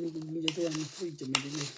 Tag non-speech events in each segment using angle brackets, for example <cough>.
Mimi ningetoa mifugo mimi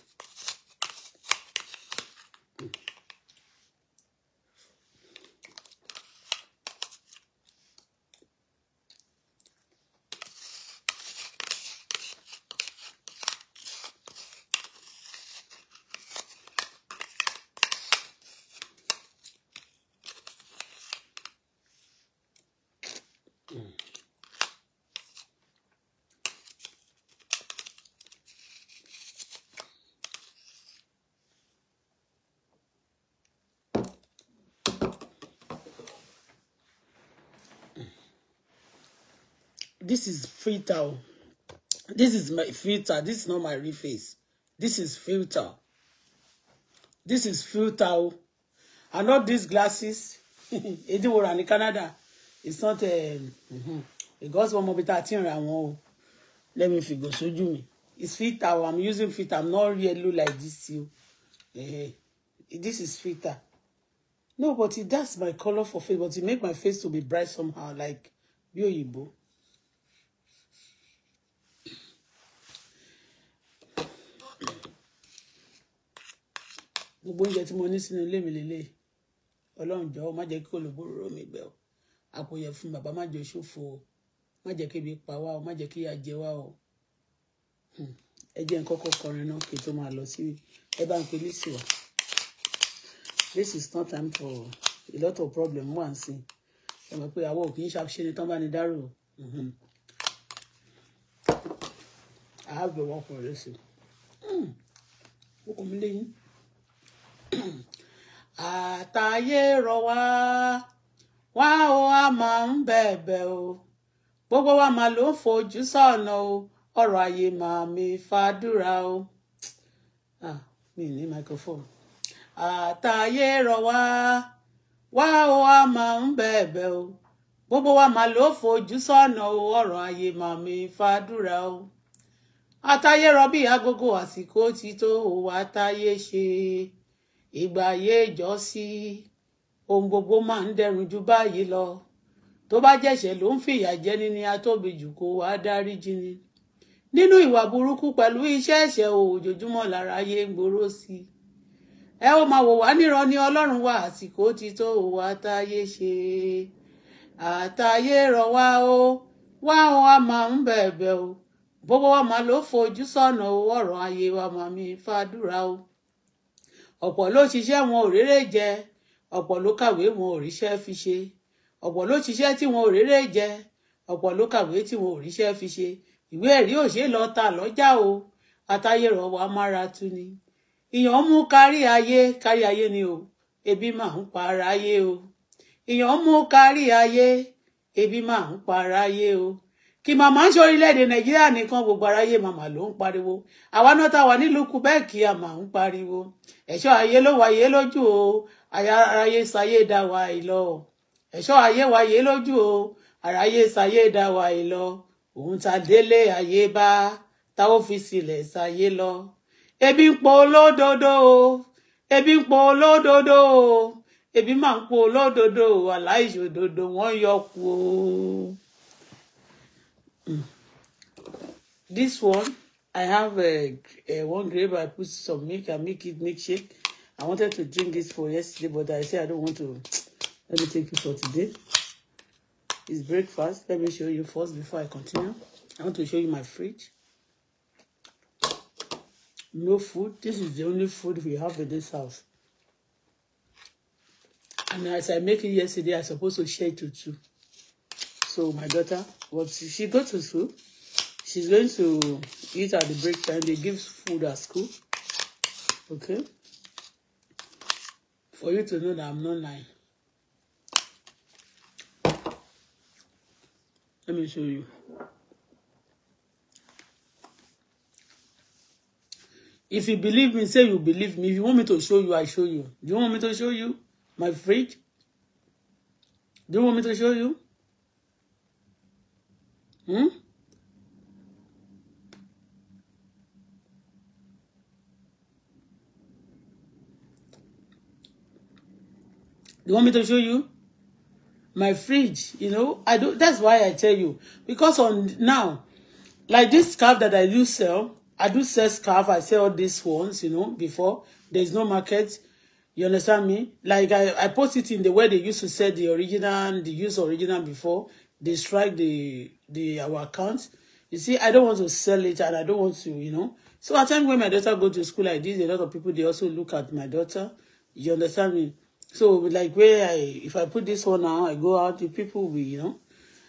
this is filter this is my filter this is not my real face this is filter this is filter and not these glasses ediwora <laughs> ní Canada it's not because um, mhm. one mobita ati ra wọn o let me figure sójú mi it's filter i'm using filter i'm not yellow like this You. Eh, eh. this is filter no but it, does my color for face but it make my face to be bright somehow like bí òyìnbó gbogbo oúnjẹ tí mo ní sínú ilé mi lélẹ̀ ọlọ́run jọ̀ọ́ má jẹ́ kí olùbóró mi gbẹ o àpòyẹ fún bàbá má jẹ́ ṣòfò o má jẹ́ kébi pa wá o má jẹ́ kíyà jẹ wá o hmm, ẹ jẹ́ nǹkan kọkọrin náà kí n tó máa lọ sí ẹ bá ń pe lísì wá this is not time for a lot of problem wà ń sìn ẹ mọ̀ pé àwọn kì í ṣàṣe ni tán bá ní dárò I have been working with this. Mm. Welcome, àtàyé rọ wá wá o a máa ń bẹ̀bẹ̀ o gbogbo wa máa ló ń fojú sọ̀nà o ọ̀rọ̀ ayé máa mi fàdúrà o. ah mi ní microphone. àtàyé rọ̀ wá wá o a máa ń bẹ̀bẹ̀ o gbogbo wa máa ló fojú sọ́nà o ọ̀rọ̀ ayé màmí <sniffs> ah, fàdúrà o àtayé rọ bí agogo àsìkò ti tó o wá àtayé ṣe ìgbà ayé sí ohun gbogbo máa ń dẹrùn ju báyìí lọ tó bá ló ń fìyà jẹni ni atóbi jù kó wàá dáríjì ni nínú ìwà burúkú pẹ̀lú iṣẹ́ ẹ̀ṣẹ̀ òjoojúmọ́ lára ayé ń gbòòrò sí i wò wá ní ọlọ́run àsìkò ti tó ṣe rọ̀ wá o wá wọn a ń bẹ̀ẹ̀bẹ̀ o gbogbo wa máa lọ fojú owó ọ̀pọ̀ ló ṣiṣẹ́ wọn ò rérè jẹ ọ̀pọ̀ ló kàwé wọn ò ríṣẹ́ fi ṣe ọ̀pọ̀ ló ṣiṣẹ́ tí wọn ò rérè jẹ ọ̀pọ̀ ló kàwé tí wọn ò fi ṣe ìwé ẹ̀rí ò lọ ta lọ́jà o àtayérọ̀ wa mára tu ni ìyàn mú kárí ayé kárí ayé ni o ebi máa ń pa ara ayé o ìyàn mú kárí ayé ebi máa ń pa ara ayé o kì màmá ń ṣe orílẹ̀-èdè nàìjíríà nìkan gbogbo aráyé màmá ló ń pariwo àwa náà tá wà nílùú kùbẹ́ẹ̀kì àmà ń pariwo ẹ̀ṣọ́ ayé ló wáyé lójú o aráyé sayé dá wa ìlọ ẹ̀ṣọ́ ayé wáyé lójú o aráyé sayé dá wa ìlọ òun ta délé ayé bá ta ó fi sílẹ̀ sayé lọ ebi ń po olódodo o ebi ń po olódodo o ebi máa ń po olódodo o aláìṣòdodo wọ́n yọ kú o. This one, I have a, uh, a uh, one grape. I put some milk and make it milkshake. I wanted to drink this for yesterday, but I said I don't want to. Let me take it for today. It's breakfast. Let me show you first before I continue. I want to show you my fridge. No food. This is the only food we have in this house. And as I make it yesterday, I supposed to share it to two. So my daughter, what she go to school she's going to eat at the break time. They give food at school. Okay? For you to know that I'm not lying. Let me show you. If you believe me, say you believe me. If you want me to show you, I show you. Do you want me to show you my fridge? Do you want me to show you? Hmm? You want me to show you? My fridge, you know, I do. That's why I tell you because on now, like this scarf that I do sell, I do sell scarf. I sell all these ones, you know. Before there's no market, you understand me? Like I, I post it in the way they used to sell the original, the use original before they strike the the our account. You see, I don't want to sell it and I don't want to, you know. So at times when my daughter go to school like this, a lot of people they also look at my daughter. You understand me? So like where I if I put this one now, I go out, the people will, you know.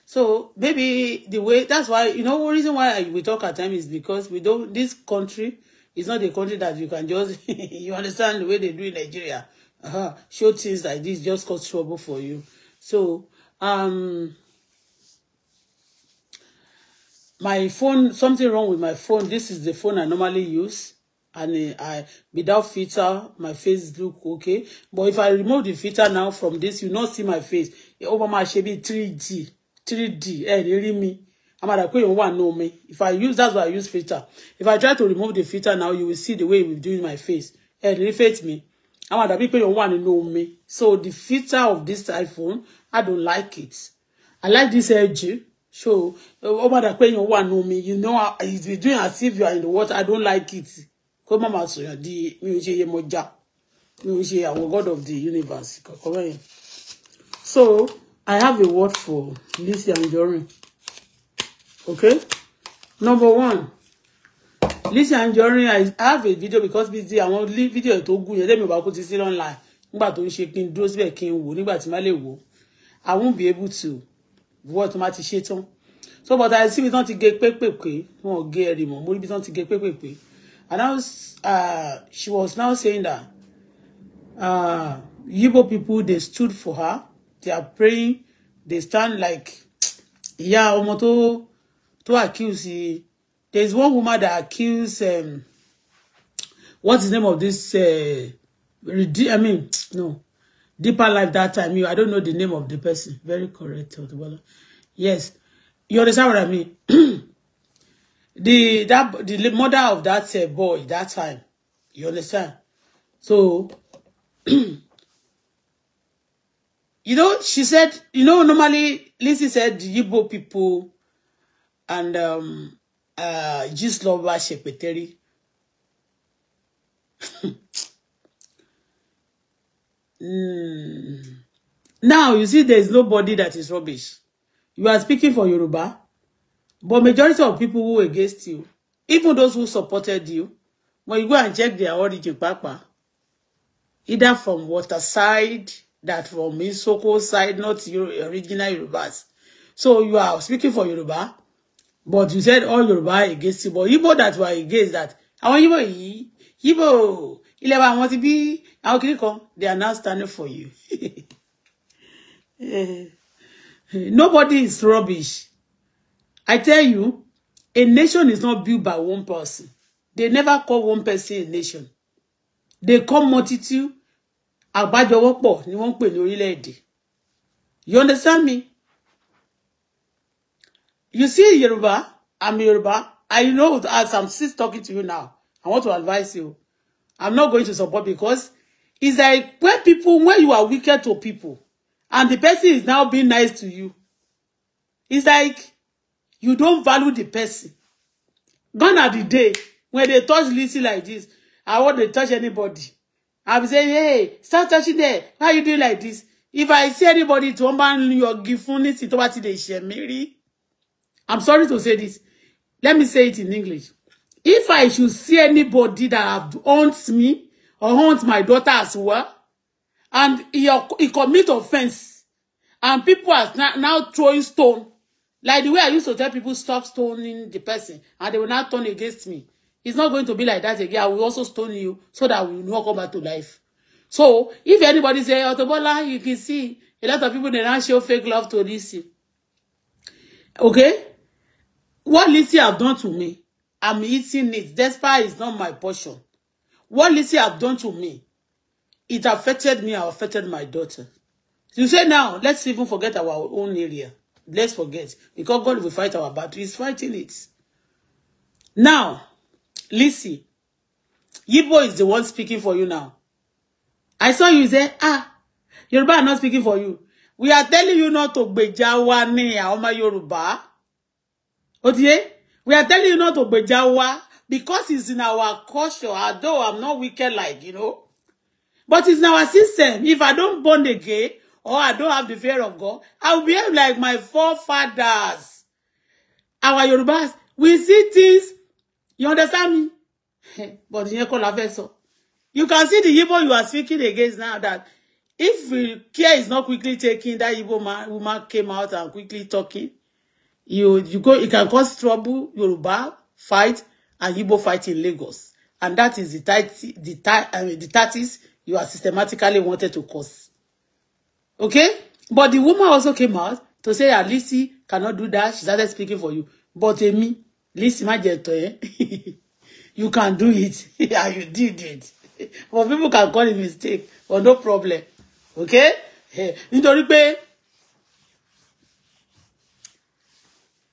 So maybe the way that's why you know the reason why I, we talk at time is because we don't this country is not a country that you can just <laughs> you understand the way they do in Nigeria. Uh-huh. Show things like this just cause trouble for you. So um my phone something wrong with my phone. This is the phone I normally use and I without filter my face look okay but if I remove the filter now from this you not see my face ó máa máa ṣe bí three d three d ẹ ní rí mi amada pé òun wà ní omi if I use that's why I use filter if I try to remove the filter now you will see the way it doing my face ẹ ní rí face mi amada people pé want to know me. so the filter of this iPhone I don't like it I like this LG so over the dà pé èèyàn wà ní you know it be doing as if you are in the water I don't like it kó má máa sòyàn di mi ò ṣe Yemọja mi ò ṣe àwọn god of the universe kọ̀ọ̀kan bẹ́yẹn so I have a word for Lizzy Anjorin okay number one Lizzy Anjorin I have a video because bíi ti àwọn fídíò tó gùn yẹn lẹ́mi ò bá kó ti sí online nígbà tó ń ṣe kí n dúró síbẹ̀ kí n wò nígbà tí má lè wò I won't be able to wọ́n tó má ti ṣe tán so but I see bí tán ti gé pépèpé wọn ò gé ẹ̀rì mọ́ mo rí bí tán ti gé pépèpé. And now uh, she was now saying that uh, Yibo people, they stood for her. They are praying. They stand like, yeah, Omoto, to to accuse. There's one woman that accused, um, what's the name of this, uh, I mean, <tsk> no, Deeper Life that time. You, I don't know the name of the person. Very correct, Yes. You understand what I mean? <clears throat> the that the mother of that uh, boy that time you understand so <clears throat> you know she said you know normally Lizzy said the Igbo people and um uh just love her secretary <laughs> mm. now you see there's nobody that is rubbish you are speaking for Yoruba But majority of people who were against you, even those who supported you, when you go and check their origin, Papa, either from water side, that from Isoko side, not your original Yorubas. So you are speaking for Yoruba, but you said all Yoruba against you. But you know that were against that, àwọn Igbo yìí, Igbo, ilẹ̀ wa àwọn ti bí, àwọn kiri kan, they are now standing for you. <laughs> Eh, nobody is rubbish. I tell you, a nation is not built by one person. They never call one person a nation. They call multitude. Àgbájọwọ́pọ̀ ni wọ́n ń pè ní You understand me? You see Yoruba, I'm Yoruba. I know as I'm still talking to you now, I want to advise you. I'm not going to support because it's like when people, when you are wicked to people, and the person is now being nice to you, it's like you don't value the person gone are the day when they touch Lizzy like this i want to touch anybody i be say hey stop touching there why are you doing like this if i see anybody to wọn your ń yọ what they share, Mary, i'm sorry to say this let me say it in english if i should see anybody that have haunts me or haunts my daughter as well and he, he commit offense and people are now throwing stone Like the way I used to tell people, stop stoning the person, and they will not turn against me. It's not going to be like that again. I will also stone you so that we will not come back to life. So if anybody say, Auto Bola, you can see a lot of people they now show fake love to Lizzy. Okay? What Lizzy have done to me, I'm eating it. Despite it's not my portion. What Lizzy have done to me, it affected me, I affected my daughter. You say now, let's even forget our own area. Let's forget. Because God will fight our battle. He's fighting it. Now, Lizzy, Yibo is the one speaking for you now. I saw you say, ah, Yoruba are not speaking for you. We are telling you not to gbèjà wa ní Yoruba. ọmọ We are telling you not to gbèjà wa because it's in our culture, although I'm not wicked like, you know. But it's in our system. If I don't born again, or oh, I don't have the fear of God, I will behave like my forefathers. Our Yorubas, we see things. You understand me? <laughs> but ìyẹn kọ́ la fẹ́ You can see the Igbo you are speaking against now that if care is not quickly taken, that Igbo man, woman came out and quickly talking. You you go, it can cause trouble, Yoruba fight, and Igbo fight in Lagos. And that is the, tight, the, tight, I mean, the tactics you are systematically wanted to cause. Okay? But the woman also came out to say that Lizzy cannot do that. She started speaking for you. But eh, me, Lizzy má eh? <laughs> You can do it. Yeah, <laughs> you did it. <laughs> But people can call it mistake. But no problem. Okay? Eh, nítorí pé.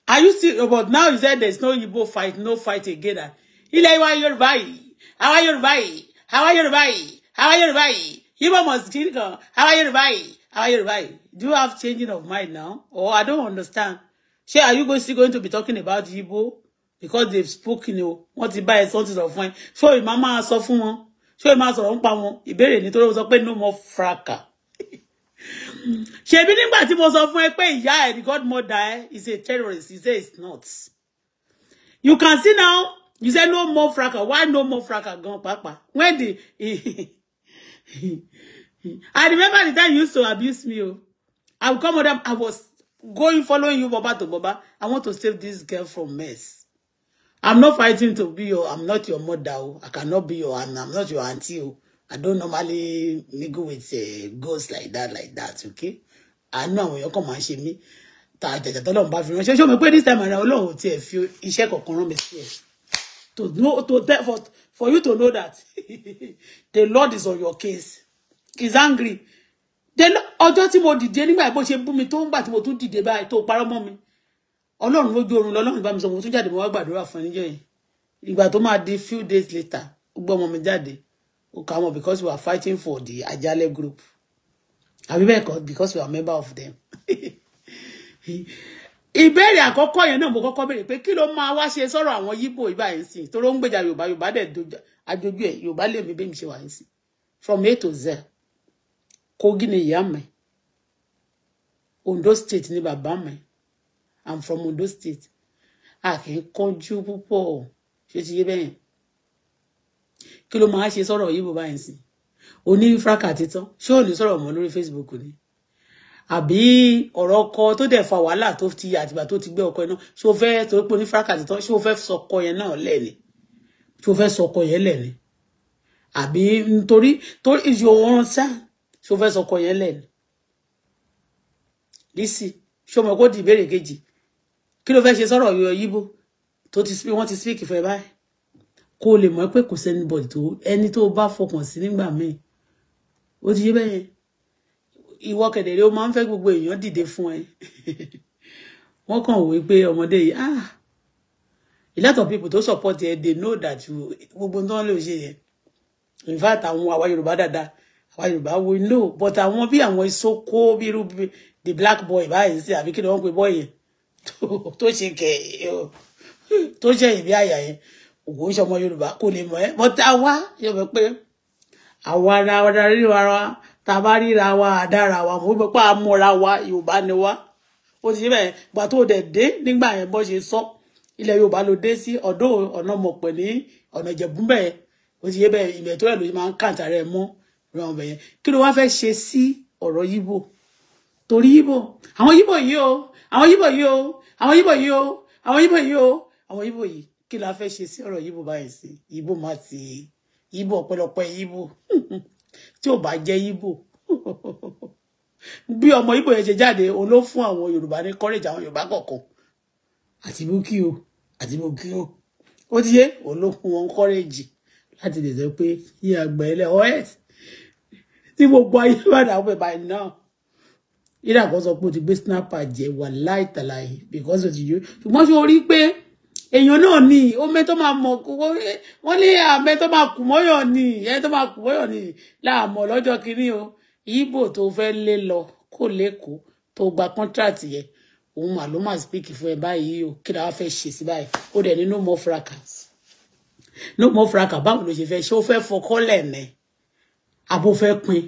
Are you still but now you said there's no Igbo fight, no fight again. Ilẹ̀ wa Yorùbá yìí, àwa Yorùbá yìí, àwa Yorùbá yìí, àwa Yorùbá yìí, Igbo must kill kan, àwa Yorùbá yìí, How you right? Do you have changing of mind now? Or I don't understand. Ṣé are you going still going to be talking about Igbo? Because they've spoken o. what ti bá ẹ sọ́n ti sọ fún ẹ. So, ìmá máa sọ fún wọn? Ṣé ìmá sọ̀rọ̀ ń pa wọn? Ìbéèrè no more fraka. She, <laughs> nígbà tí mo sọ fún ẹ pé ìyá ẹ the godmother ẹ is a terrorist. He say it's not. You can see now you say no more fraka. Why no more fraka gan pàápàá? When the <laughs> I remember the time you used to abuse me. Oh. I come with them. I was going following you, Baba to Baba. I want to save this girl from mess. I'm not fighting to be your, I'm not your mother. Oh. I cannot be your aunt. I'm not your auntie. Oh. I don't normally mingle with uh, ghosts like that, like that, okay? I know when you come and ń me. mí. Ta àjàjà tọ́lọ́run bá fi ránṣẹ́. Ṣé o this time around Ọlọ́run ti ẹ̀ fi iṣẹ́ kọ̀ọ̀kan rán To know, to tell, for, for you to know that <laughs> the Lord is on your case is angry then ọjọ́ tí mo dìde nígbà bó ṣe bú mi tó ń gbà tí mo tún dìde báyìí tó parọ́ mọ́ mi ọlọ́run lójú oorun lọ́lọ́run bá mi sọ mo tún jáde mo wá gbàdúrà fún níjọ́ yẹn ìgbà tó máa di few days later ó gbọ́ ọmọ mi jáde ó kà mọ́ because we are fighting for the ajale group àbí bẹ́ẹ̀ kọ́ because we are member of them <laughs> ìbéèrè àkọ́kọ́ yẹn náà mo kọ́kọ́ béèrè pé kí ló máa wá ṣe sọ̀rọ̀ àwọn yíbò ìbá yẹn sìn tó ló ń gbèjà yorùbá yorùbá dẹ̀ dojú ẹ̀ yorùbá lèmi bẹ́ẹ̀ mi ṣe wà yẹn sìn from a to z Kogi ni ìyá mi Ondo state ni bàbá mi I'm from Ondo state a kì í kọjú púpọ̀ ṣé ti yé bẹ́yẹn kí ló máa ṣe sọ̀rọ̀ yìí bó bá yẹn sìn oní fúrákà títán ṣé ò ní sọ̀rọ̀ mọ́ lórí Facebook ni àbí ọ̀rọ̀ ọkọ tó dẹ̀ fa wàhálà tó ti àtìgbà tó ti gbé ọkọ yẹn náà ṣé o fẹ́ torí pé oní fúrákà títán ṣé o fẹ́ sọkọ yẹn náà lẹ́ni ṣé o fẹ́ sọkọ yẹn lẹ́ni àbí nítorí torí ìṣòro sá ṣó fẹ́ sọkọ yẹn lẹ̀ ni Lizzy ṣó mọ̀ kó di ìbéèrè kejì kí ló fẹ́ ṣe sọ̀rọ̀ yọ yíbo tó ti wọ́n ti speak fún ẹ báyìí kó lè mọ̀ pé kò sẹ́ni bọ̀dì tó ẹni tó bá fọkàn sí nígbà míì ó ti yé bẹ́yẹn ìwọ kẹ̀dẹ̀rẹ́ ó máa ń fẹ́ gbogbo èèyàn dìde fún ẹ <laughs> wọ́n kàn wí pé ọmọdé yìí ah a lot of tó support ẹ they know that gbogbo tó ń lè ṣe yẹn in fact àwọn àwa Yorùbá dáadáa àwọn yorùbá wo no but àwọn bí àwọn ìsoko bí the black boy báyìí sí àbí kí ni pe boy yẹn <laughs> to ṣe kẹ̀ tó ṣe ìbí àyà yẹn òkú ń ṣọmọ yorùbá kò lè mọ ẹ but àwa yóò fẹ́ pé àwa ara ara ríra wa tá a bá ríra wa àdára wa mo gbọ́ pé a mọ̀ra wa yorùbá ni wa ó ti bẹ́ẹ̀ gbà tó dẹ̀ dé nígbà yẹn bọ́ ṣe sọ ilẹ̀ yorùbá ló dé sí ọ̀dọ́ ọ̀nà mọ̀pẹ̀ ní ọ̀nà ìjẹ̀bú bẹ́ẹ̀ ó ti yé bẹ́ẹ̀ ìbẹ̀ tó yẹ ló máa ń kàǹtà rẹ̀ ran ọbẹ̀ yẹn kí ló wá fẹ́ ṣe sí ọ̀rọ̀ yíbò torí yíbò àwọn yíbò yìí o àwọn yíbò yìí o àwọn yíbò yìí o àwọn yíbò yìí o àwọn yíbò yìí kí la fẹ́ ṣe sí ọ̀rọ̀ yíbò báyìí sí yíbò má ti yíbò ọ̀pẹ̀lọpẹ̀ yíbò <laughs> tí ò bá jẹ́ yíbò <laughs> bí ọmọ yíbò yẹn ṣe jáde òun fún àwọn yorùbá ní courage àwọn yorùbá kọ̀ọ̀kan àti bókí o àti bókí o ó ti yé òun fún wọn courage láti lè sọ pé yí ilẹ̀ os tí gbogbo ayé bá dà pé by now ìdá kan sọ pé o ti gbé snapper jẹ wà láì tàlàyé because o ti yó ṣùgbọ́n ṣe o rí pé èèyàn náà ni ó mẹ́tọ́ máa mọ̀ wọ́n ní àmẹ́tọ́ máa kù mọ́yọ̀ ni ẹni tó máa kù mọ́yọ̀ ni láàmọ̀ lọ́jọ́ kínní o ibo tó fẹ́ lé lọ kò lẹ́kọ̀ọ́ tó gba contract yẹn òun mà ló máa speak fún ẹ báyìí o kí ni wàá fẹ́ ṣe sí báyìí ó dẹ̀ ní no more fracas no more fracas báwo ló ṣe fẹ́ ṣé ó fẹ́ fọkọ́lẹ̀ mẹ́ẹ́ àbò fẹ́ pin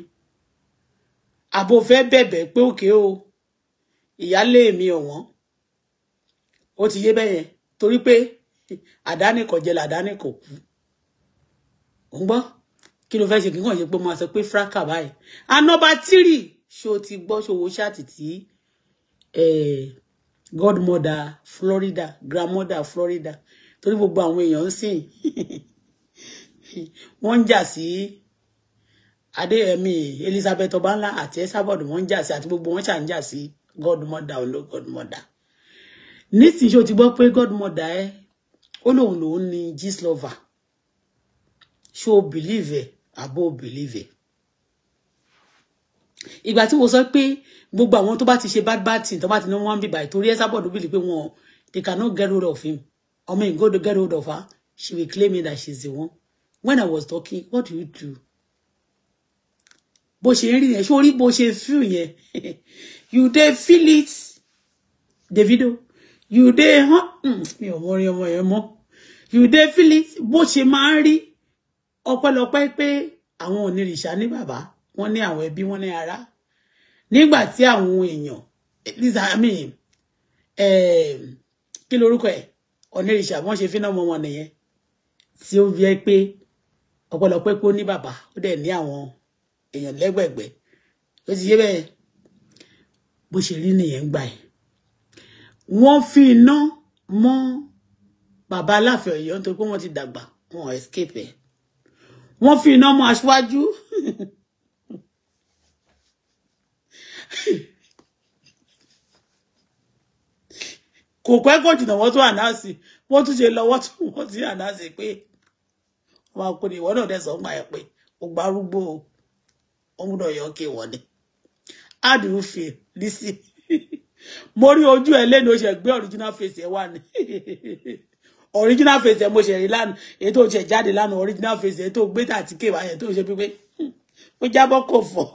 àbò fẹ́ bẹ̀bẹ̀ pé òkè o ìyálé mi ọ̀wọ́n o ti yé bẹ́yẹn torí pé àdánìkọ̀ jẹ́ làdánìkọ̀ kú ń gbọ́ kí ló fẹ́ ṣe kí n kàn ṣe pé mo sọ pé fraka báyìí anọba tírì ṣó ti gbọ́ ṣòwò ṣáàtì tí godmother Florida grandmother Florida torí gbogbo àwọn èèyàn ń sìn <laughs> wọ́n ń adéyẹmí elizabeth ọbánlá àti esabod wọn ń jà sí àti gbogbo wọn ṣà ń jà sí godmother olo godmother nísìnyí o ti gbọ́ pé godmother ẹ ó lóun lòun ni Lover, ṣó o believe ẹ àbó o believe ẹ ìgbà tí mo sọ pé gbogbo àwọn tó bá ti ṣe bad bad thing tó bá ti ní wọn bíbá ìtorí esabod bìlì pé wọn they cannot get hold of him I mean go to get hold of her she will claim me that she's the one when I was talking what do you do bó ṣe rí yẹn sórí bó ṣe feel yẹn <laughs> you dey feel it Davido you dey hàn mm, mi ò mọ ọmọ yẹn mọ you dey feel it bó ṣe máa ń rí ọpẹ́lọpẹ́ pé àwọn onírìṣà ní bàbá wọn ní àwọn ẹbí wọn ní ará nígbà tí àwọn èèyàn lisa mi eh, kí lorúkọ ẹ onírìṣà wọn ṣe fínà ọmọ wọn nìyẹn tí ó fi ẹ pé ọpẹ́lọpẹ́ pé ó ní bàbá ó dẹ̀ ní àwọn èèyàn lẹ́gbẹ̀gbẹ́ ó ti yé bẹ́ẹ̀ bó ṣe rí nìyẹn gbà ẹ̀ wọ́n fi iná mọ́ bàbá aláfẹ́ ọ̀yọ́ nítorí pé wọ́n ti dàgbà wọn ò escape ẹ̀ wọ́n fi iná mọ́ aṣáájú <laughs> kò pẹ́ kò jìnnà wọ́n tún ànáàsì wọ́n tún ṣe lọ́wọ́ tí wọ́n ti ànáàsì pé wọn kò ní ìwọ náà dẹ̀ sọ́gbà ẹ̀ pé ó gbárúgbó o wọ́n gbọ́dọ̀ yọ ọ́kẹ́ wọlé how do you feel listen mo rí ojú ẹ lẹ́nu o ṣe gbé original face ẹ wà ní original face ẹ mo ṣe rí lánàá èyí tó ṣe jáde lánàá original face ẹ tó gbé tàti kéwàá yẹn tó ṣe pípé hmm, ó jábọ́ kò fọ́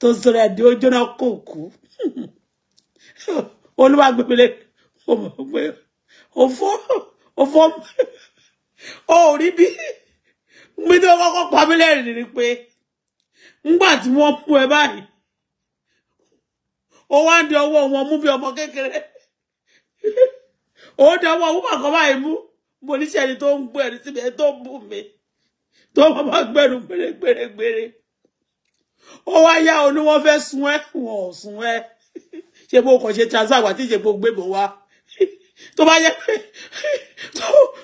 tó sọ̀rọ̀ ẹ̀dín ó jóná kò kú olúwàgbẹ́pẹ́lẹ́ ó mọ̀ pé ó fọ́ ó fọ́ ó rí bí mi tó kọ́kọ́ pa mí pé ńgbà tí wọ́n mú ẹ báyìí ó wá ń di ọwọ́ wọn mú bí ọmọ kékeré ó di ọwọ́ wúmọ̀ kan báyìí mú mo níṣẹ́ ẹni tó ń gbé ẹni síbi ẹni tó ń bù mí tó máa bá gbẹ̀rù gbèrègbèrègbèrè ó wá yá o ní wọ́n fẹ́ sun ẹ́ wọ́n ò sun ẹ́ ṣé mo kàn ṣe transact àti ṣe mo gbébọn wá tó bá yẹ pé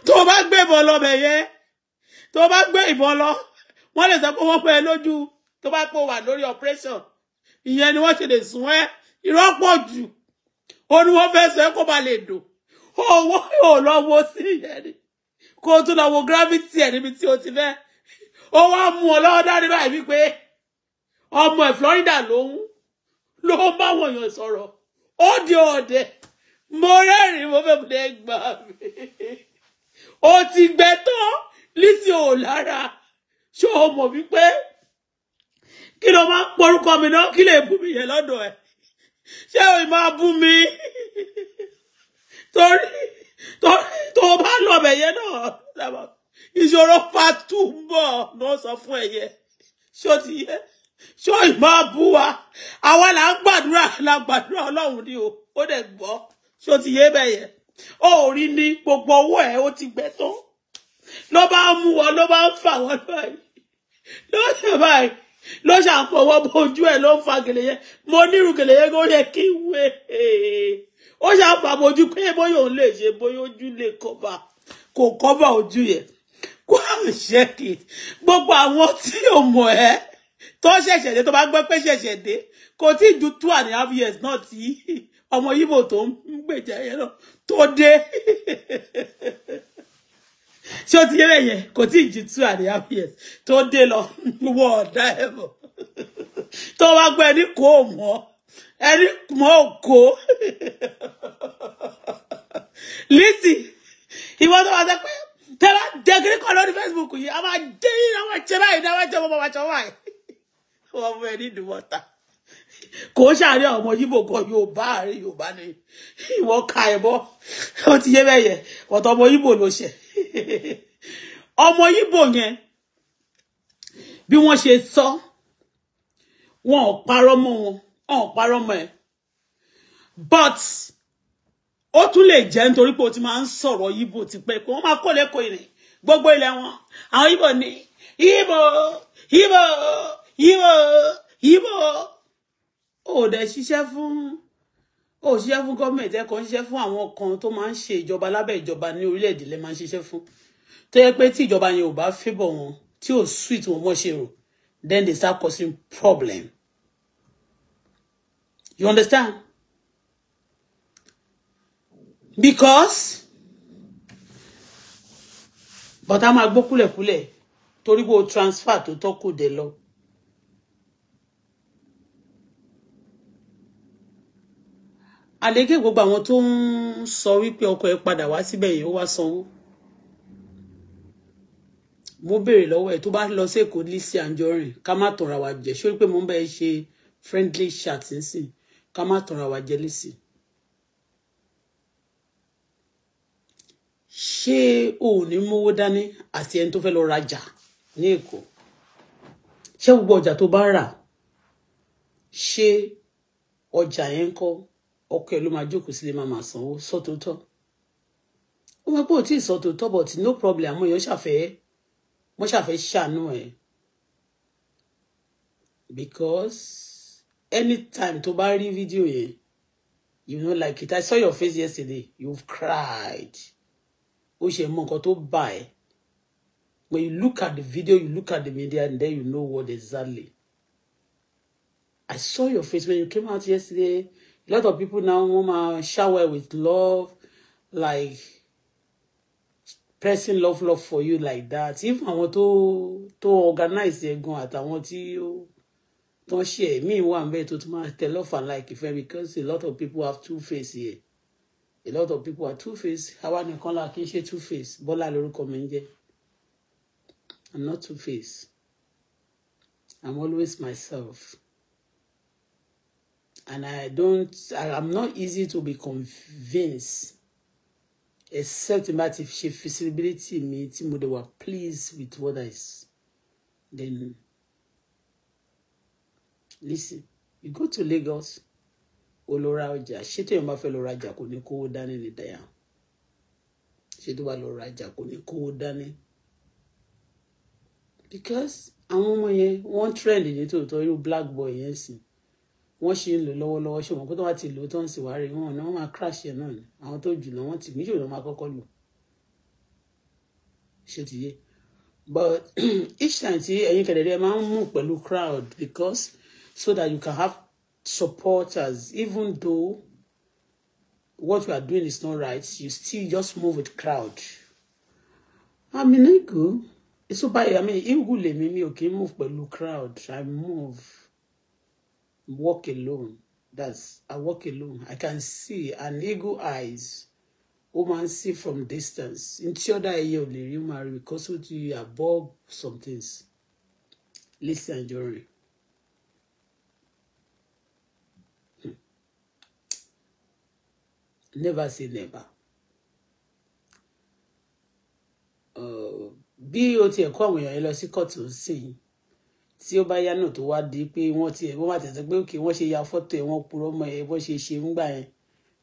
tó bá gbébọn lọ bẹ̀ yẹ tó bá gbé ìbọn lọ wọ́n lè sọ pé wọ́n pẹ́ lójú tó bá pọ̀ wà lórí operation ìyẹn ni wọ́n ṣe lè sún ẹ́ ìrọ́pọ̀ jù ó ní wọ́n fẹ́ sọ ẹ́ kó ba lè dò owó ò lọ wo sí ìyẹn ni kó o tún lọ wo gravity ẹ̀ níbi tí o ti fẹ́ ó wá mú ọ lọ́wọ́ dání báyìí wípé ọmọ ẹ̀ Florida lòun ló ń bá wọ̀nyàn sọ̀rọ̀ ó di ọ̀dẹ̀ mo rẹ́rìn mo fẹ́ bùdẹ́ gbà mí o ti gbẹ tán Lizzy ò lára ṣé o mọ̀ wípé kí ló máa ń porúkọ mi náà kí lè bú mi yẹn lọ́dọ̀ ẹ̀ ṣé o máa bú mi torí tó o bá lọ bẹ̀ yẹn náà ìṣòro pàtó ń bọ̀ náà sọ fún ẹ̀yẹ ṣó ti yẹ ṣó ìmọ̀ bú wa àwa là ń gbàdúrà là ń gbàdúrà ọlọ́run ni o ó dẹ̀ gbọ́ ṣó ti yẹ bẹ́ẹ̀ yẹn ó rí ní gbogbo owó ẹ̀ ó ti gbẹ tán ló bá ń mú wọn ló bá ń fà wọn báyìí ló ṣe báyìí ló ṣàfọwọ́ bojú ẹ̀ ló ń fa gèlè yẹn mo nírú gèlè yẹn kó yẹ kí wé ó ṣàfà bojú pé bóyá òun lè ṣe bóyá ojú lè kọ́bà kò kọ́bà ojú yẹn kó àwọn ṣẹ́kì gbogbo àwọn tí ò mọ̀ ẹ́ tó ṣẹ̀ṣẹ̀ dé tó bá gbọ́ pé ṣẹ̀ṣẹ̀ dé kò tí ì ju two and a half years náà tí ọmọ Yíbò tó ń gbèjà yẹn náà tó dé ṣé o ti yé bẹ́ẹ̀ yẹn kò tí ì ju two and a half years tó dé lọ <laughs> wọ ọ̀dà ẹ̀ bọ̀ tó wá gbọ́ ẹni kò mọ́ ẹni mọ́ òkò lítì ìwọ tó wá sọ pé tẹ́lá dẹ́gírí kan lórí Facebook yìí a máa dé yìí a máa jẹ báyìí a máa jẹ ọmọ wa jọ wáyé wọ́n fún ẹ ní ìdúwọ́ta kò ṣàárẹ̀ ọmọ yíbò kan yorùbá àárẹ̀ yorùbá ni ìwọ ka ẹ̀bọ ó ti yé bẹ́ẹ̀ yẹ ọ̀tọ̀ ọmọ yíbò ló ṣẹ̀. <laughs> ọmọ Yíbò yẹn bí wọ́n ṣe sọ wọn ò parọ́ mọ́ wọn wọn ò parọ́ mọ́ ẹ but ó tún lè jẹ́ nítorí pé o ti máa ń sọ̀rọ̀ Yíbò tipẹ́ pé wọ́n máa kó lẹ́kọ̀ọ́ ilẹ̀ gbogbo ilẹ̀ wọn àwọn Yíbò ní Yíbò Yíbò Yíbò Yíbò ò dẹ̀ ṣiṣẹ́ fún ó ṣiṣẹ́ fún gọ́ọ̀mẹ̀ntì ẹ kàn ṣiṣẹ́ fún àwọn kan tó máa ń ṣe ìjọba lábẹ́ ìjọba ní orílẹ̀-èdè lẹ máa ń ṣiṣẹ́ fún tó yẹ pé tí ìjọba yẹn ò bá fébọ̀ wọn tí ò sweet wọn mọ́ ṣe rò then they start causing problem you understand because bọ́tà máa gbó kúlẹ̀kúlẹ̀ torí pé o transfer tó tọ́ kò dé lọ. àlékè gbogbo àwọn tó ń sọ wípé ọkọ ẹ padà wá síbẹ̀ yìí ó wá sanwó mo béèrè lọ́wọ́ ẹ tó bá lọ sí èkó Lizzy Anjorin ká má tọ̀ra wa jẹ ṣé pé mo ń bá ṣe friendly chat nsìn ká má tọ̀ra wa jẹ Lizzy. ṣé o ò ní mówó dání àti ẹni tó fẹ́ lọ rajà ní èkó ṣé gbogbo ọjà tó bá rà ṣé ọjà yẹn ń kọ́ ọkọ ẹ ló máa jókòó sílé máa máa sanwó sọtòótọ́ ó máa pé ò tí ì sọtòótọ́ but no problem àwọn èèyàn ṣàfẹ́ wọ́n ṣàfẹ́ ṣàánú ẹ̀ because anytime tó bá rí fídíò yẹn you know, like it i saw your face yesterday you cried ó ṣe mọ nǹkan tó bà ẹ́ when you look at the video you look at the media and then you know what exactly i saw your face when you came out yesterday a lot of people now wọ́n shower with love like pressing love love for you like that if I want to to organize the gan àtàwọn tí want you don't share. Me, wà ń bẹ tó love and like ìfẹ́ because a lot of people have two face here a lot of people are two face àwa nìkan la I can ṣe two face Bọ́lá lórúkọ mi ń jẹ́ I'm not two face I'm always myself and I don't I, I'm not easy to be convinced except that if she feasibility mi tí mo were pleased with what I then listen you go to Lagos olóra ọjà ṣé tó yẹn bá fẹ́ lọ rajà kò ní kówó dání ní dayan ṣé tó bá lọ rajà kò ní kówó dání because àwọn ọmọ yẹn wọ́n trend ní tòótọ́ irú black boy yẹn sìn wọ́n ṣe ń lò lọ́wọ́lọ́wọ́ ṣe mọ̀ pé tó wá ti lò tó ń sì wọn ni wọ́n máa crash ẹ̀ náà ni àwọn tó jù wọ́n ti níjò máa kọ́kọ́ lò ṣé ti yé but <clears throat> each time tí ẹ̀yin kẹ̀dẹ̀dẹ̀ máa ń mú pẹ̀lú crowd because so that you can have supporters even though what you are doing is not right you still just move with crowd àmì náà kù ìsúpayà mi ìwúlẹ̀ mi mi ò kì í move pẹ̀lú crowd i move walk alone that's I walk alone I can see an eagle eyes Woman see from distance In ọ̀dà ẹyẹ ò lè because ó ti above some things Listen, Anjorin. Hmm. never say never. Uh, bí o tiẹ̀ kó àwọn èèyàn yẹn lọ tí ó bá yá tó wá di pé wọ́n ti ẹ̀wọ́n máa tẹ̀sán pé òkè wọ́n ṣe ya fọ́tò ẹ̀ wọ́n purọ́ mọ́ ẹ̀ wọ́n ṣe ṣe ń gbà yẹn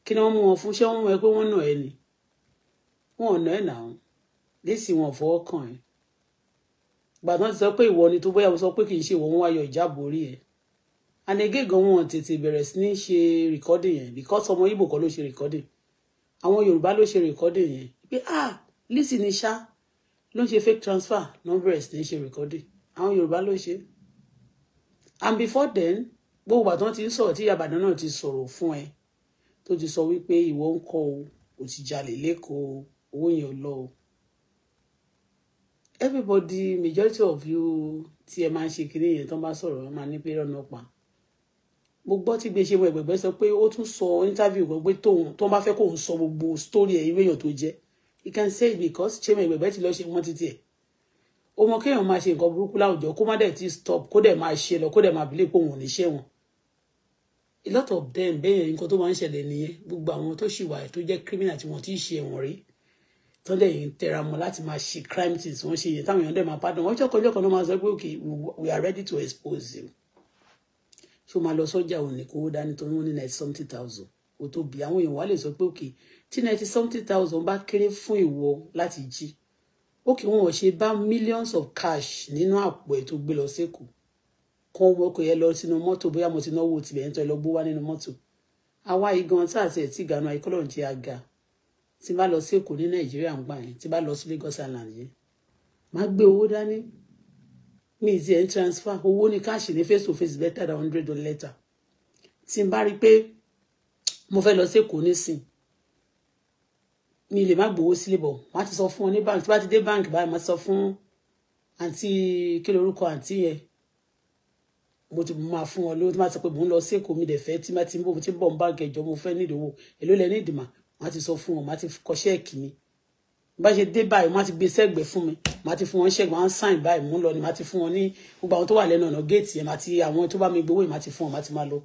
kí ni wọ́n mú wọn fún ṣé wọ́n mú ẹ pé wọ́n nà ẹ ni wọ́n nà ẹ nà ọ́n lẹ́sìn wọn fọwọ́ kàn ẹ́ gbàdán ti sọ pé ìwọ ni tó bóyá mo sọ pé kì í ṣe ìwọ wọn ayọ̀ ìjábọ̀ orí ẹ̀ anege gan wọn tètè bẹ̀rẹ̀ sí ní ṣe rìkọ́dì yẹn because ọmọ Ìgbò kan ló ṣe rìkọ́dì àwọn Yorùbá ló ṣe rìkọ́dì yẹn pé ah Lizzy ni ṣá ló ń ṣe fake transfer numbers ní ṣe rìkọ́dì àwọn Yorùbá ló ṣe and before then gbogbo àtọ́ ti ń sọ̀rọ̀ tí Ìbàdàn náà ti sọ̀rọ̀ fún ẹ tó ti sọ wípé ìwọ ń kọ́ o kò ti jalè lẹ́kọ̀ọ́ owó yẹn lọ o everybody majority of you tí ẹ máa ń ṣe kiri yẹn tán bá sọ̀rọ̀ ẹ máa ní pé rọ́nà pa mo gbọ́ tí gbèsè wọ ẹ̀gbẹ̀gbẹ́ sọ pé ó tún sọ interview kan pé tóun tó bá fẹ́ kóun sọ gbogbo story ẹ̀ ìwé èèyàn tó jẹ́ you can say it because ṣé ẹ̀gbẹ̀gbẹ́ ti lọ ṣe wọ́n ti tiẹ̀ ó mọ kéèyàn máa ṣe nǹkan burúkú láwùjọ kó má dẹ̀ ti stop kó dẹ̀ máa ṣe lọ kó dẹ̀ máa believe pé òun ò wọn a lot of them bẹ́ẹ̀ nǹkan tó máa ń ṣẹlẹ̀ nìyẹn gbogbo àwọn tó ṣì wà tó jẹ́ criminal tí wọ́n ti ṣe ẹ̀wọ̀n rí tó dẹ̀ ń tẹra mọ́ láti máa ṣe crime things wọ́n ṣe yẹn táwọn èèyàn dẹ̀ máa pardon wọ́n jọ́kọ̀ jọ́kọ̀ náà máa sọ pé okay we are ready to expose him. So, máa lọ sọ́jà òní kówó dání tó wọ́n ní ninety something thousand ó tó bí àwọn èèyàn wá lè sọ pé okay tí ninety something thousand bá kéré fún ìwọ láti jí ó kì wọn ò ṣe bá millions of cash nínú àpò ẹ̀ tó gbé lọ sékòó kan wọ́n kò yẹ lọ sínú mọ́tò bóyá mo ti náwó tìbẹ̀ ń tọ́ ẹ lọ gbó wá nínú mọ́tò àwa igan tá àti ẹ̀ tí ìgànnà ìkọlọ̀ ń jẹ́ àga tí bá lọ sékòó ní nàìjíríà ń gbà yẹn tí bá lọ sí Lagos Island yẹn má gbé owó dání mi ì tiẹ̀ ń transfer owó ní cash ní face to face better than hundred dollar letter tí n bá rí i pé mo fẹ́ lọ sékòó nísìn mi lè má gbowó sílé bọ̀ wọ́n á ti sọ fún ọ ní báńkì tí bá ti dé báńkì báyìí wọ́n ti sọ fún àǹtí kí lorúkọ àǹtí yẹn mo ti máa fún ọ lówó tí wọ́n ti sọ pé mò ń lọ sí èkó mi dẹ̀ fẹ́ tí wọ́n ti ń bọ̀ mo ti ń bọ̀ ń báńkì ẹ̀jọ̀ mo fẹ́ nídòwó èló lẹ ní ìdìmọ̀ wọ́n á ti sọ fún ọ wọ́n á ti kọ ṣẹ́ẹ̀kì mi bá ṣe dé báyìí wọ́n á ti gbé sẹ́gbẹ̀ẹ́ fún mi màá ti fún wọn ṣẹ́gun àwọn sáìn báyìí mú lọ ni màá ti fún wọn ní gbogbo àwọn tó wà lẹ́nu ọ̀nà géètì yẹn màá àwọn tó bá mi gbowó yìí màá ti fún wọn màá ti máa lọ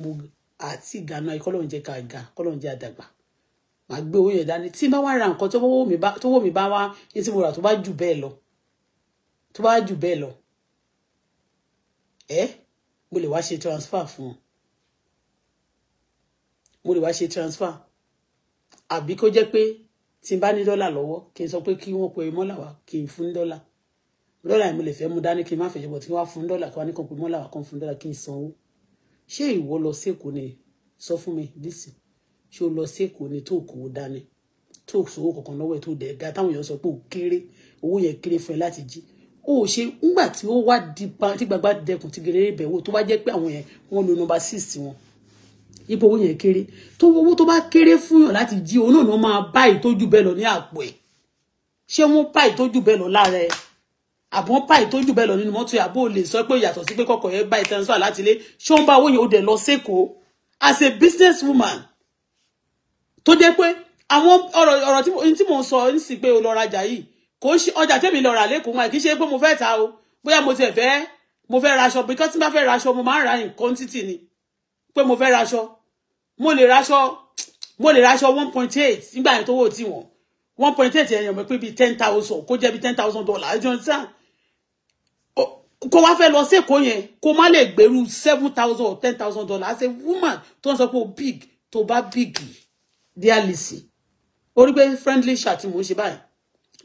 mo àti ìgànnà ikọ́ ká ga kọ́ àdàgbà màá gbé owó yẹn dání tí n bá wá ra nǹkan tówó mi bá tówó mi bá wá ní tí mo rà tó bá jù bẹ́ẹ̀ lọ tó bá jù bẹ́ẹ̀ lọ ẹ mo lè wá ṣe transfer fún un mo lè wá ṣe transfer àbí kó jẹ́ pé tí n bá ní dọ́là lọ́wọ́ kí n sọ pé kí wọ́n pe mọ́là wá kí n fún dọ́là dọ́là yẹn mo lè fẹ́ mú dání kí n má fẹ́ jẹ́bọ̀ tí wọ́n á fún dọ́là kí wọ́n á ní kàn pé mọ́là wá kàn fún dọ́là kí n sanwó ṣé ìwọ lọ sí èkó ni sọ fún mi dísìn ṣé o lọ sí ni tó kówó dání tó sówó kankan lọ́wọ́ ẹ̀ tó dẹ̀ ga táwọn èèyàn sọ pé ó kéré owó yẹn kéré fún ẹ láti jí ó ṣe ńgbà tí ó wá di pa tí gbagba dẹkùn ti gèrè bẹ̀ wò tó bá jẹ́ pé àwọn yẹn wọ́n lo nọ́mbà six wọn ipò owó yẹn kéré tó owó tó bá kéré fún yàn láti jí òun náà máa bá ìtọ́jú bẹ́ẹ̀ lọ ní àpò ẹ̀ ṣé wọ́n bá ìtọ́jú bẹ́ẹ̀ lọ lára ẹ̀ àbọ̀n pa ìtọ́jú bẹ́ẹ̀ lọ nínú mọ́tò àbó lè sọ pé yàtọ̀ sí pé kọkọ̀ yẹn bá ìtẹ́nsọ́ àlátilé ṣé wọ́n bá owó yẹn ó dẹ̀ lọ sékòó as a business woman tó jẹ́ pé àwọn ọ̀rọ̀ ọ̀rọ̀ tí mo sọ ń sì pé o lọ rajà yìí kò ṣe ọjà tèmi lọ rà lẹ́kọ̀ọ́ wọn kì í ṣe pé mo fẹ́ ta o bóyá mo tiẹ̀ fẹ́ mo fẹ́ raṣọ because tí n bá fẹ́ raṣọ mo máa ń ra nǹkan títì ni pé mo fẹ́ raṣọ mo lè raṣọ mo lè raṣọ one point eight nígbà yẹn tó wò tí wọ́n one point eight ẹ̀yàn mọ̀ pé bíi ten thousand kó jẹ́ bíi ten thousand dollars ẹ̀jọ̀ sàn kó wá fẹ́ lọ sí èkó yẹn kó má lè gbèrú seven thousand or ten thousand dollars as a woman tó ń sọ pé o big tó bá big dear Lizzy orí pé friendly chat mo ṣe báyìí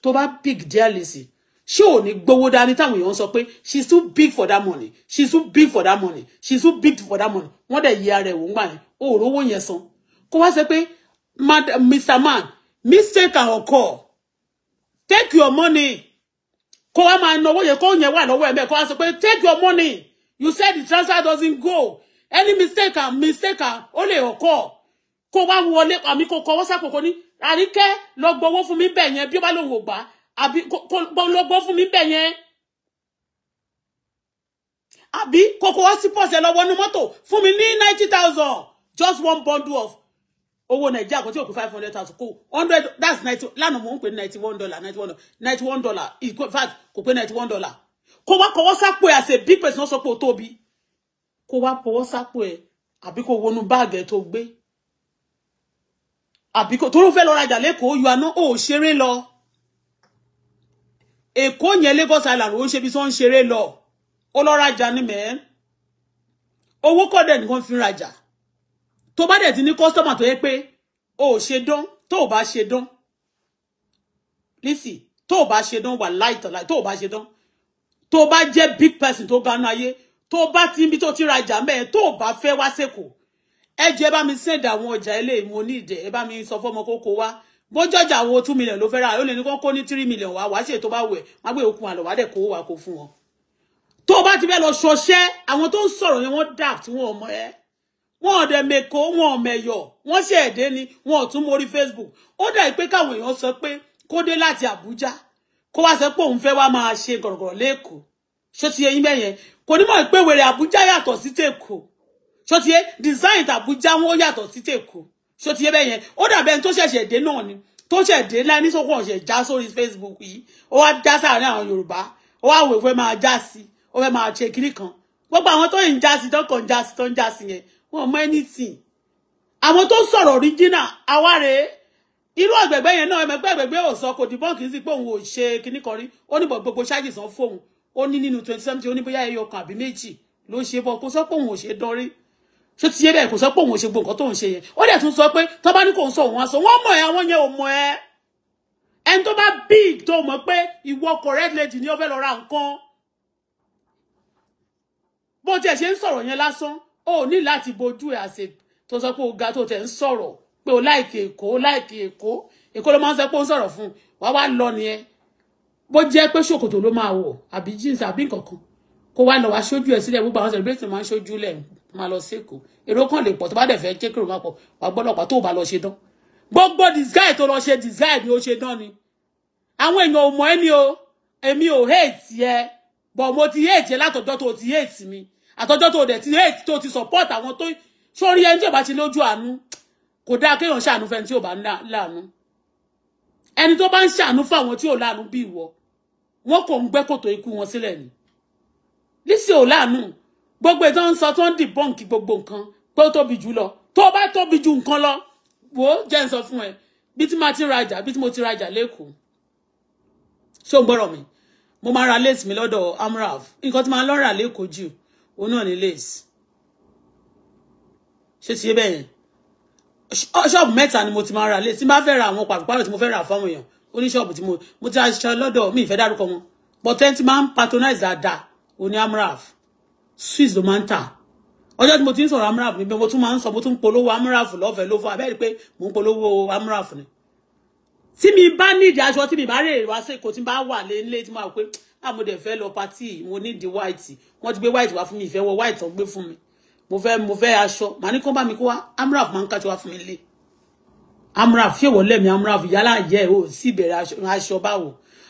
tó bá big, dear Lizzy ṣé ò ní gbowó dání táwọn èèyàn sọ pé she's too big for that money she's too big for that money she's too big for that money wọ́n dẹ̀ yí ara ẹ̀ wò ń gbà yẹn o ò rówó yẹn san kó wá sọ pé mr man mistake can occur take your money kó wá máa náwó yẹn kó yẹn wà lọ́wọ́ ẹ̀ mẹ́ kó wá sọ pé take your money you said the transfer doesn't go any mistake can mistake can ó lè occur kó wá wọlé àmì kó kọ wọ́sàpò kó ní àríkẹ́ lọ gbowó fún mi bẹ̀ yẹn bí ó bá lòun ò abi àbí kó lọ gbowó fún mi bẹ̀ yẹn àbí kókó wá sí pọ̀sẹ̀ lọ wọnú mọ́tò fún mi ní ninety thousand just one bundle of owó nàìjíríà kan tí òkú five hundred thousand kó hundred that's ninety lánàá mò ń pè ninety one dollar ninety one dollar ninety one dollar in fact kò pé ninety one dollar kó wá sa sápò ẹ̀ àṣẹ big person sọ pé ó tóbi kó wá kọ́wọ́ sápò ẹ̀ àbí kó wọnú báàgì ẹ̀ tó gbé àbí kò tó ló fẹ́ lọ rajà lẹ́kọ̀ọ́ yóò àná ò ṣeré lọ èkó yẹn Lagos Island ó ń ṣe bí tó ń ṣeré lọ ó lọ rajà ní mẹ́ẹ́ owó kọ́dẹ̀ nìkan fi rajà tó bá dẹ̀ ti ní kọ́sítọ́mà tó yẹ pé o ò ṣe dán tó o bá ṣe dán lisi tó o bá ṣe dán wà láìtọ̀ láì tó o bá ṣe dán tó o bá jẹ́ big person tó ganu ayé tó o bá ti ń bí tó ti rajà mẹ́ẹ̀ tó o bá fẹ́ wá sẹ́kọ̀ọ́ ẹ jẹ́ ẹ bá mi send àwọn ọjà eléyìí mo ní ìdẹ ẹ bá mi sọ fọmọ kókó wá bójọjà wo two million ló fẹ́ rà ó lè ní kó kó ní three million wá wá ṣe tó bá wẹ̀ wọ́n gbé okun àlọ́ wá dẹ̀ kó wà kó fún wọn. tó o bá ti fẹ́ lọ ṣọṣẹ́ àwọn tó ń sọ̀rọ̀ yẹn wọ́n daft wọn ọmọ ẹ wọn ò dẹ̀ mẹ́kọ́ wọn ò mẹ́yọ̀ wọ́n ṣe ẹ̀dẹ́ ni wọn ò tún mórí Facebook ó dà pé káwọn èèyàn sọ pé kó dé láti Àbújá kó wá sọ pé òun fẹ́ wá máa ṣe gọ̀rọ̀gọ̀rọ̀ lẹ́kọ̀ọ́ ṣó ti yẹ yín bẹ́yẹn kò ní mọ̀ pé wèrè Àbújá yàtọ̀ sí tèkó ṣó ti design tàbújá wọn ó yàtọ̀ sí tèkó ṣó ti yé bẹ́ẹ̀ yẹn ó dàbẹ́ ẹni tó ni tó ṣẹ̀dé láì ní sọ́kọ̀ ṣẹ̀ já sórí Facebook yìí ó wá já sáàárín àwọn Yorùbá ó wá wò fẹ́ máa já sí ó fẹ́ máa ṣe kiri kan gbogbo àwọn tó ń já sí tó kàn já sí tó ń já sí yẹn wọn anything àwọn tó sọ̀rọ̀ original aware irú ọ̀gbẹ̀gbẹ́ yẹn náà ẹ̀mẹ́gbẹ́ ẹ̀gbẹ́gbẹ́ ò sọ kò dìbọ́n kì í sí pé òun ò ṣe kinní kan rí ó ní gbogbo ṣáàjì sàn fóun ó ní nínú twenty seventy ó ní kan àbí méjì ló ṣe bọ́ kó sọ pé òun ò ṣe dán ṣó ti yé bẹ́ẹ̀ kò sọ pé òun ò ṣe gbogbo nǹkan tóun ṣe yẹn ó dẹ̀ tún sọ pé tó bá ní kò ń sọ òun á sọ wọ́n mọ̀ ẹ́ àwọn yẹn ò mọ̀ ẹ́ ẹni tó bá big tó mọ̀ pé ìwọ correct lady ni ó fẹ́ lọ ra nǹkan bó tiẹ̀ ṣe ń sọ̀rọ̀ yẹn lásán ó ní láti bojú ẹ̀ àṣẹ tó sọ pé o ga tó tẹ̀ ń sọ̀rọ̀ pé o láìkè èkó o láìkè èkó èkó ló máa ń sọ pé ó ń sọ̀rọ̀ fún wa wá lọ nìyẹn bó jẹ́ pé ṣòkòtò ló máa wọ̀ àbí jeans àbí nǹkan kan kó wá lọ wá ṣojú ẹ̀ sílẹ̀ gbogbo àwọn celebrate máa ń ṣojú lẹ̀ tó máa lọ sí èkó èrò kan lè pọ̀ tó bá dẹ̀ fẹ́ jẹ́ kí èrò máa pọ̀ wà gbọ́lọ́pàá tó bá lọ ṣe dán gbogbo disguise tó lọ ṣe disguise ni ó ṣe dán ni àwọn èèyàn ò mọ ẹ́ o èmi ò hate ẹ bọ̀ mo ti hate ẹ látọjọ́ tó ti hate mi àtọjọ́ tó dẹ̀ ti hate tó ti support àwọn tó sórí ẹni tí ò bá ti lójú àánú kò dáa kéèyàn ṣàánú fẹ́ni tí ò bá láàánú ẹni tó bá ń ṣàánú fáwọn tí ò láàánú bí ìwọ wọn kò ń gbẹ́ kòtò ikú wọn sílẹ̀ ni lísì ò láàánú gbogbo ètò ń sọ tó ń dìbọ́ǹkì gbogbo nǹkan pé ó tóbi jù lọ tó o bá tóbi ju nǹkan lọ wò ó jẹ́ ń sọ fún ẹ bí tí máa ti rajà bí tí mo ti rajà lẹ́kọ̀ọ́ ṣé o gbọ́rọ̀ mi mo máa ra lace mi lọ́dọ̀ amrav nǹkan tí máa lọ́ rà lẹ́kọ̀ọ́ jù òun náà ni lace ṣé ti yé bẹ́ẹ̀ yẹn ṣọ́ọ̀bù mẹ́ta ni mo ti máa ra lace tí n bá fẹ́ ra àwọn pàrọ̀pàrọ̀ tí mo fẹ́ rà fáwọn èèyàn oníṣọ́ọ̀bù tí mo ti aṣọ lọ́dọ̀ mi ìfẹ́ dárúkọ wọn but ẹni tí máa ń patronize dáadáa òun ni amrav swiss ló máa ń tà ọjọ́ tí mo ti ń sọ̀rọ̀ amúráàfù níbẹ̀ mo tún máa ń sọ mo tún ń polówó amúráàfù lọ́fẹ̀ẹ́ ló fún abẹ́rẹ́ pé mo ń polówó amúráàfù ni tí mi bá nídìí aṣọ tí mi bá rè wá sí èkó tí mi bá wà lé nílé tí mo wà pé ah dẹ̀ fẹ́ lọ patí mo nídìí white wọ́n ti gbé white wá fún mi ìfẹ́ wọ white wọ́n gbé fún mi mo fẹ́ mo fẹ́ aṣọ màá ní kó bá mi kó wá amúráàfù máa ń kájọ wá fún mi lé amúráàfù yóò wọlé mi amúráàfù yálà yẹ o sì bẹ̀rẹ̀ aṣọ báwo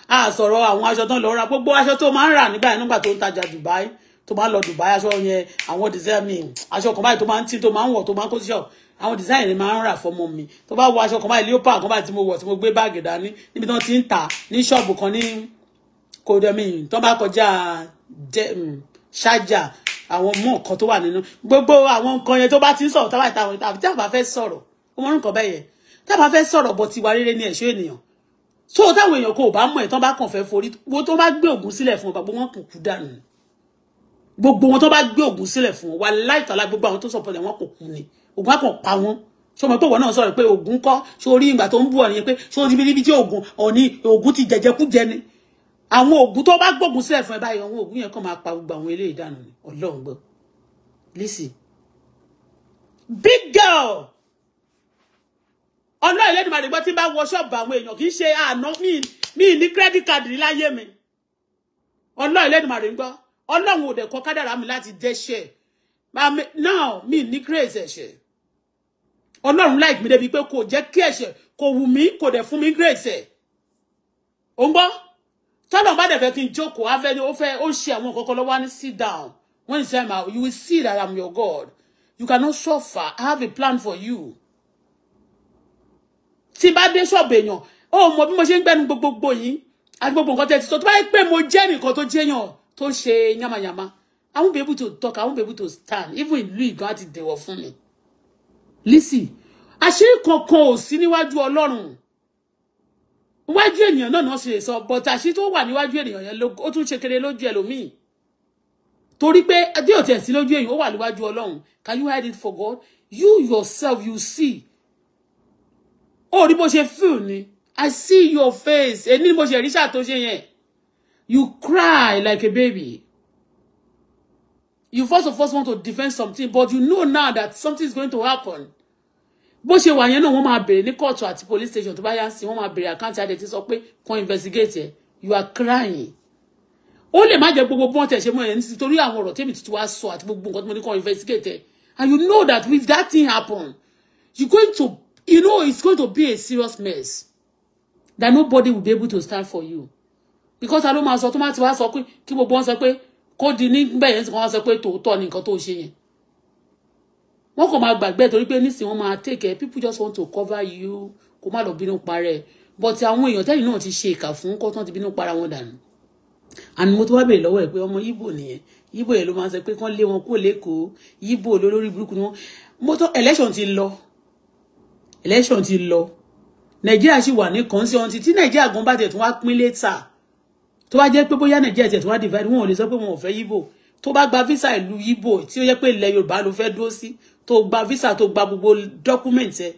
a sọ̀rọ̀ àwọn aṣọ tán lọ ra gbogbo aṣọ tó máa ń rà nígbà nígbà tó ń tajà Dubai To bá lọ Dubai aṣọ yẹn àwọn design mi aṣọ kan báyìí tó máa ń to tó máa to wọ̀ tó máa ń kó sí ṣọ́ọ̀ àwọn design rẹ̀ máa ń for fọmọ mi tó bá wọ aṣọ kan báyìí leopard kan báyìí tí mo wọ̀ tí mo gbé báàgì dání níbi tí wọ́n ti ń tà ní ṣọ́ọ̀bù kan ní kòdẹ́mì tó bá kọjá ṣájà mm, àwọn mú nǹkan tó wà nínú gbogbo àwọn nǹkan yẹn tó bá ti ń sọ̀rọ̀ táwa ìtàwọn ìtàwọn tí a bá fẹ́ sọ̀rọ̀ ó mọ̀ nǹkan bẹ́ẹ̀ yẹn tí a bá fẹ́ sọ̀rọ̀ bọ̀ tiwa rere ni ẹ̀ṣọ́ ènìyàn tó táwọn èèyàn kò bá mọ̀ ẹ̀ tán bá kàn fẹ́ forí wo tó bá gbé ògùn sílẹ̀ fún ọba gbogbo wọn kò kú dànù gbogbo wọn tó bá gbé ògùn sílẹ̀ fún wa láìtàlá gbogbo àwọn tó sọ̀pọ̀lẹ̀ wọn kò kú ni ògùn á pa wọn sọmọ pé wọn náà sọ̀rọ̀ pé ògùn kọ́ sórí ìgbà tó ń bú ọ̀nìyẹn pé sórí ibi tí ògùn ọ̀ní ògùn ti jẹjẹkújẹ ni àwọn ògùn tó bá gbógun sílẹ̀ fún ẹ báyìí àwọn ògùn yẹn kàn máa pa gbogbo àwọn eléyìí dànù ni ọlọ́run gbọ́ lisi big girl ọ̀nà ìlẹ́dùnmọ̀ àdìgbọ́ tí bá wọ ṣọ́ọ̀bù àwọn èèyàn kì í ṣe àná mi ní credit card níláyé mi ọ̀nà ìlẹ́dùnmọ̀ àdìgbọ́ ọlọ́run ò dẹ̀ kọ kádàrá mi láti dẹ́ṣẹ̀ now mi ní grace ẹ̀ṣẹ̀ ọlọ́run like mi débi pé kò jẹ́ kí ẹ̀ṣẹ̀ kò wù mí kò dẹ̀ fún mi grace ẹ̀ ò ń gbọ́ tọ́lọ̀ bá dẹ̀ fẹ́ kí n jókòó afẹ́ ni ó fẹ́ ó ṣe àwọn nǹkan kan lọ́wọ́ ní sit down when it's time out you will see that I'm your God you cannot suffer I have a plan for you tí bá dé ṣọ́ọ̀bù èèyàn ó mọ bí mo ṣe ń gbẹ́nu gbogbogbò yìí àti gbogbo nǹkan tẹ́ ti sọ tó bá yẹ pé mo jẹ́ nìkan tó jẹ́yàn tó ń ṣe yamayama i won't be able to talk i won't be able to stand even ìlú ìgbà ti dẹ̀wọ̀ for me. lisi àṣírí kankan ò sí níwájú ọlọ́run iwájú ènìyàn náà náà ṣe sọ but àṣírí tó wà níwájú ènìyàn yẹn ó tún ṣe kéré lójú ẹlòmíì torí pé adé òtí ẹ̀sìn lójú èyàn ó wà níwájú ọlọ́run can you hide it for God you yourself you see ó rí bó ṣe feel ni i see your face èyí ni mo ṣe rí ṣàtúnṣe yẹn You cry like a baby. You first of all want to defend something, but you know now that something is going to happen. But she wà yẹn woman wọ́n máa bèrè ní kóòtù police station tó bá yá woman wọ́n máa bèrè àkáǹtì àdẹ̀tí sọ okay kan investigate ẹ̀ you are crying. Only lè má jẹ́ gbogbo bọ́n tẹ̀ ṣe story ẹ̀ nítorí àwọn ọ̀rọ̀ tèmi tuntun wá sọ àti gbogbo nǹkan tí mo investigate ẹ̀ and you know that if that thing happen you going to you know it's going to be a serious mess that nobody will be able to stand for you because ta ló máa sọ tó máa ti wá sọ pé kí gbogbo wọn sọ pé kó di níbẹ̀ yẹn tí wọ́n sọ pé tòótọ́ ni nǹkan tó ṣe yẹn wọ́n kò máa gbàgbé torí pé nísìnyí wọ́n máa take care people just want to cover you kó má lọ bínú parẹ́ but àwọn èèyàn tẹ́yìn náà ti ṣe ìkà fún kó tán ti bínú para wọn dànù àni mo tó wá bèèrè lọ́wọ́ ẹ̀ pé ọmọ Yíbò nìyẹn Yíbò yẹn ló máa ń sọ pé kán lé wọn kúrò lẹ́kọ̀ọ́ Yíbò lólórí burúkú ni wọ́n mo tó election ti lọ election ti lọ Nàìjíríà sì wà ní kàn sí ọ̀hún ti tí Nàìjíríà gan bá tẹ̀ tún wá pín létà tó bá jẹ́ pé bóyá nàìjíríà tiẹ̀ tó wá divide wọn ò lè sọ pé wọn ò fẹ́ yíbò tó bá gba visa ìlú yíbò tí ó yẹ pé ilẹ̀ yorùbá ló fẹ́ dúró sí tó gba visa tó gba gbogbo document ẹ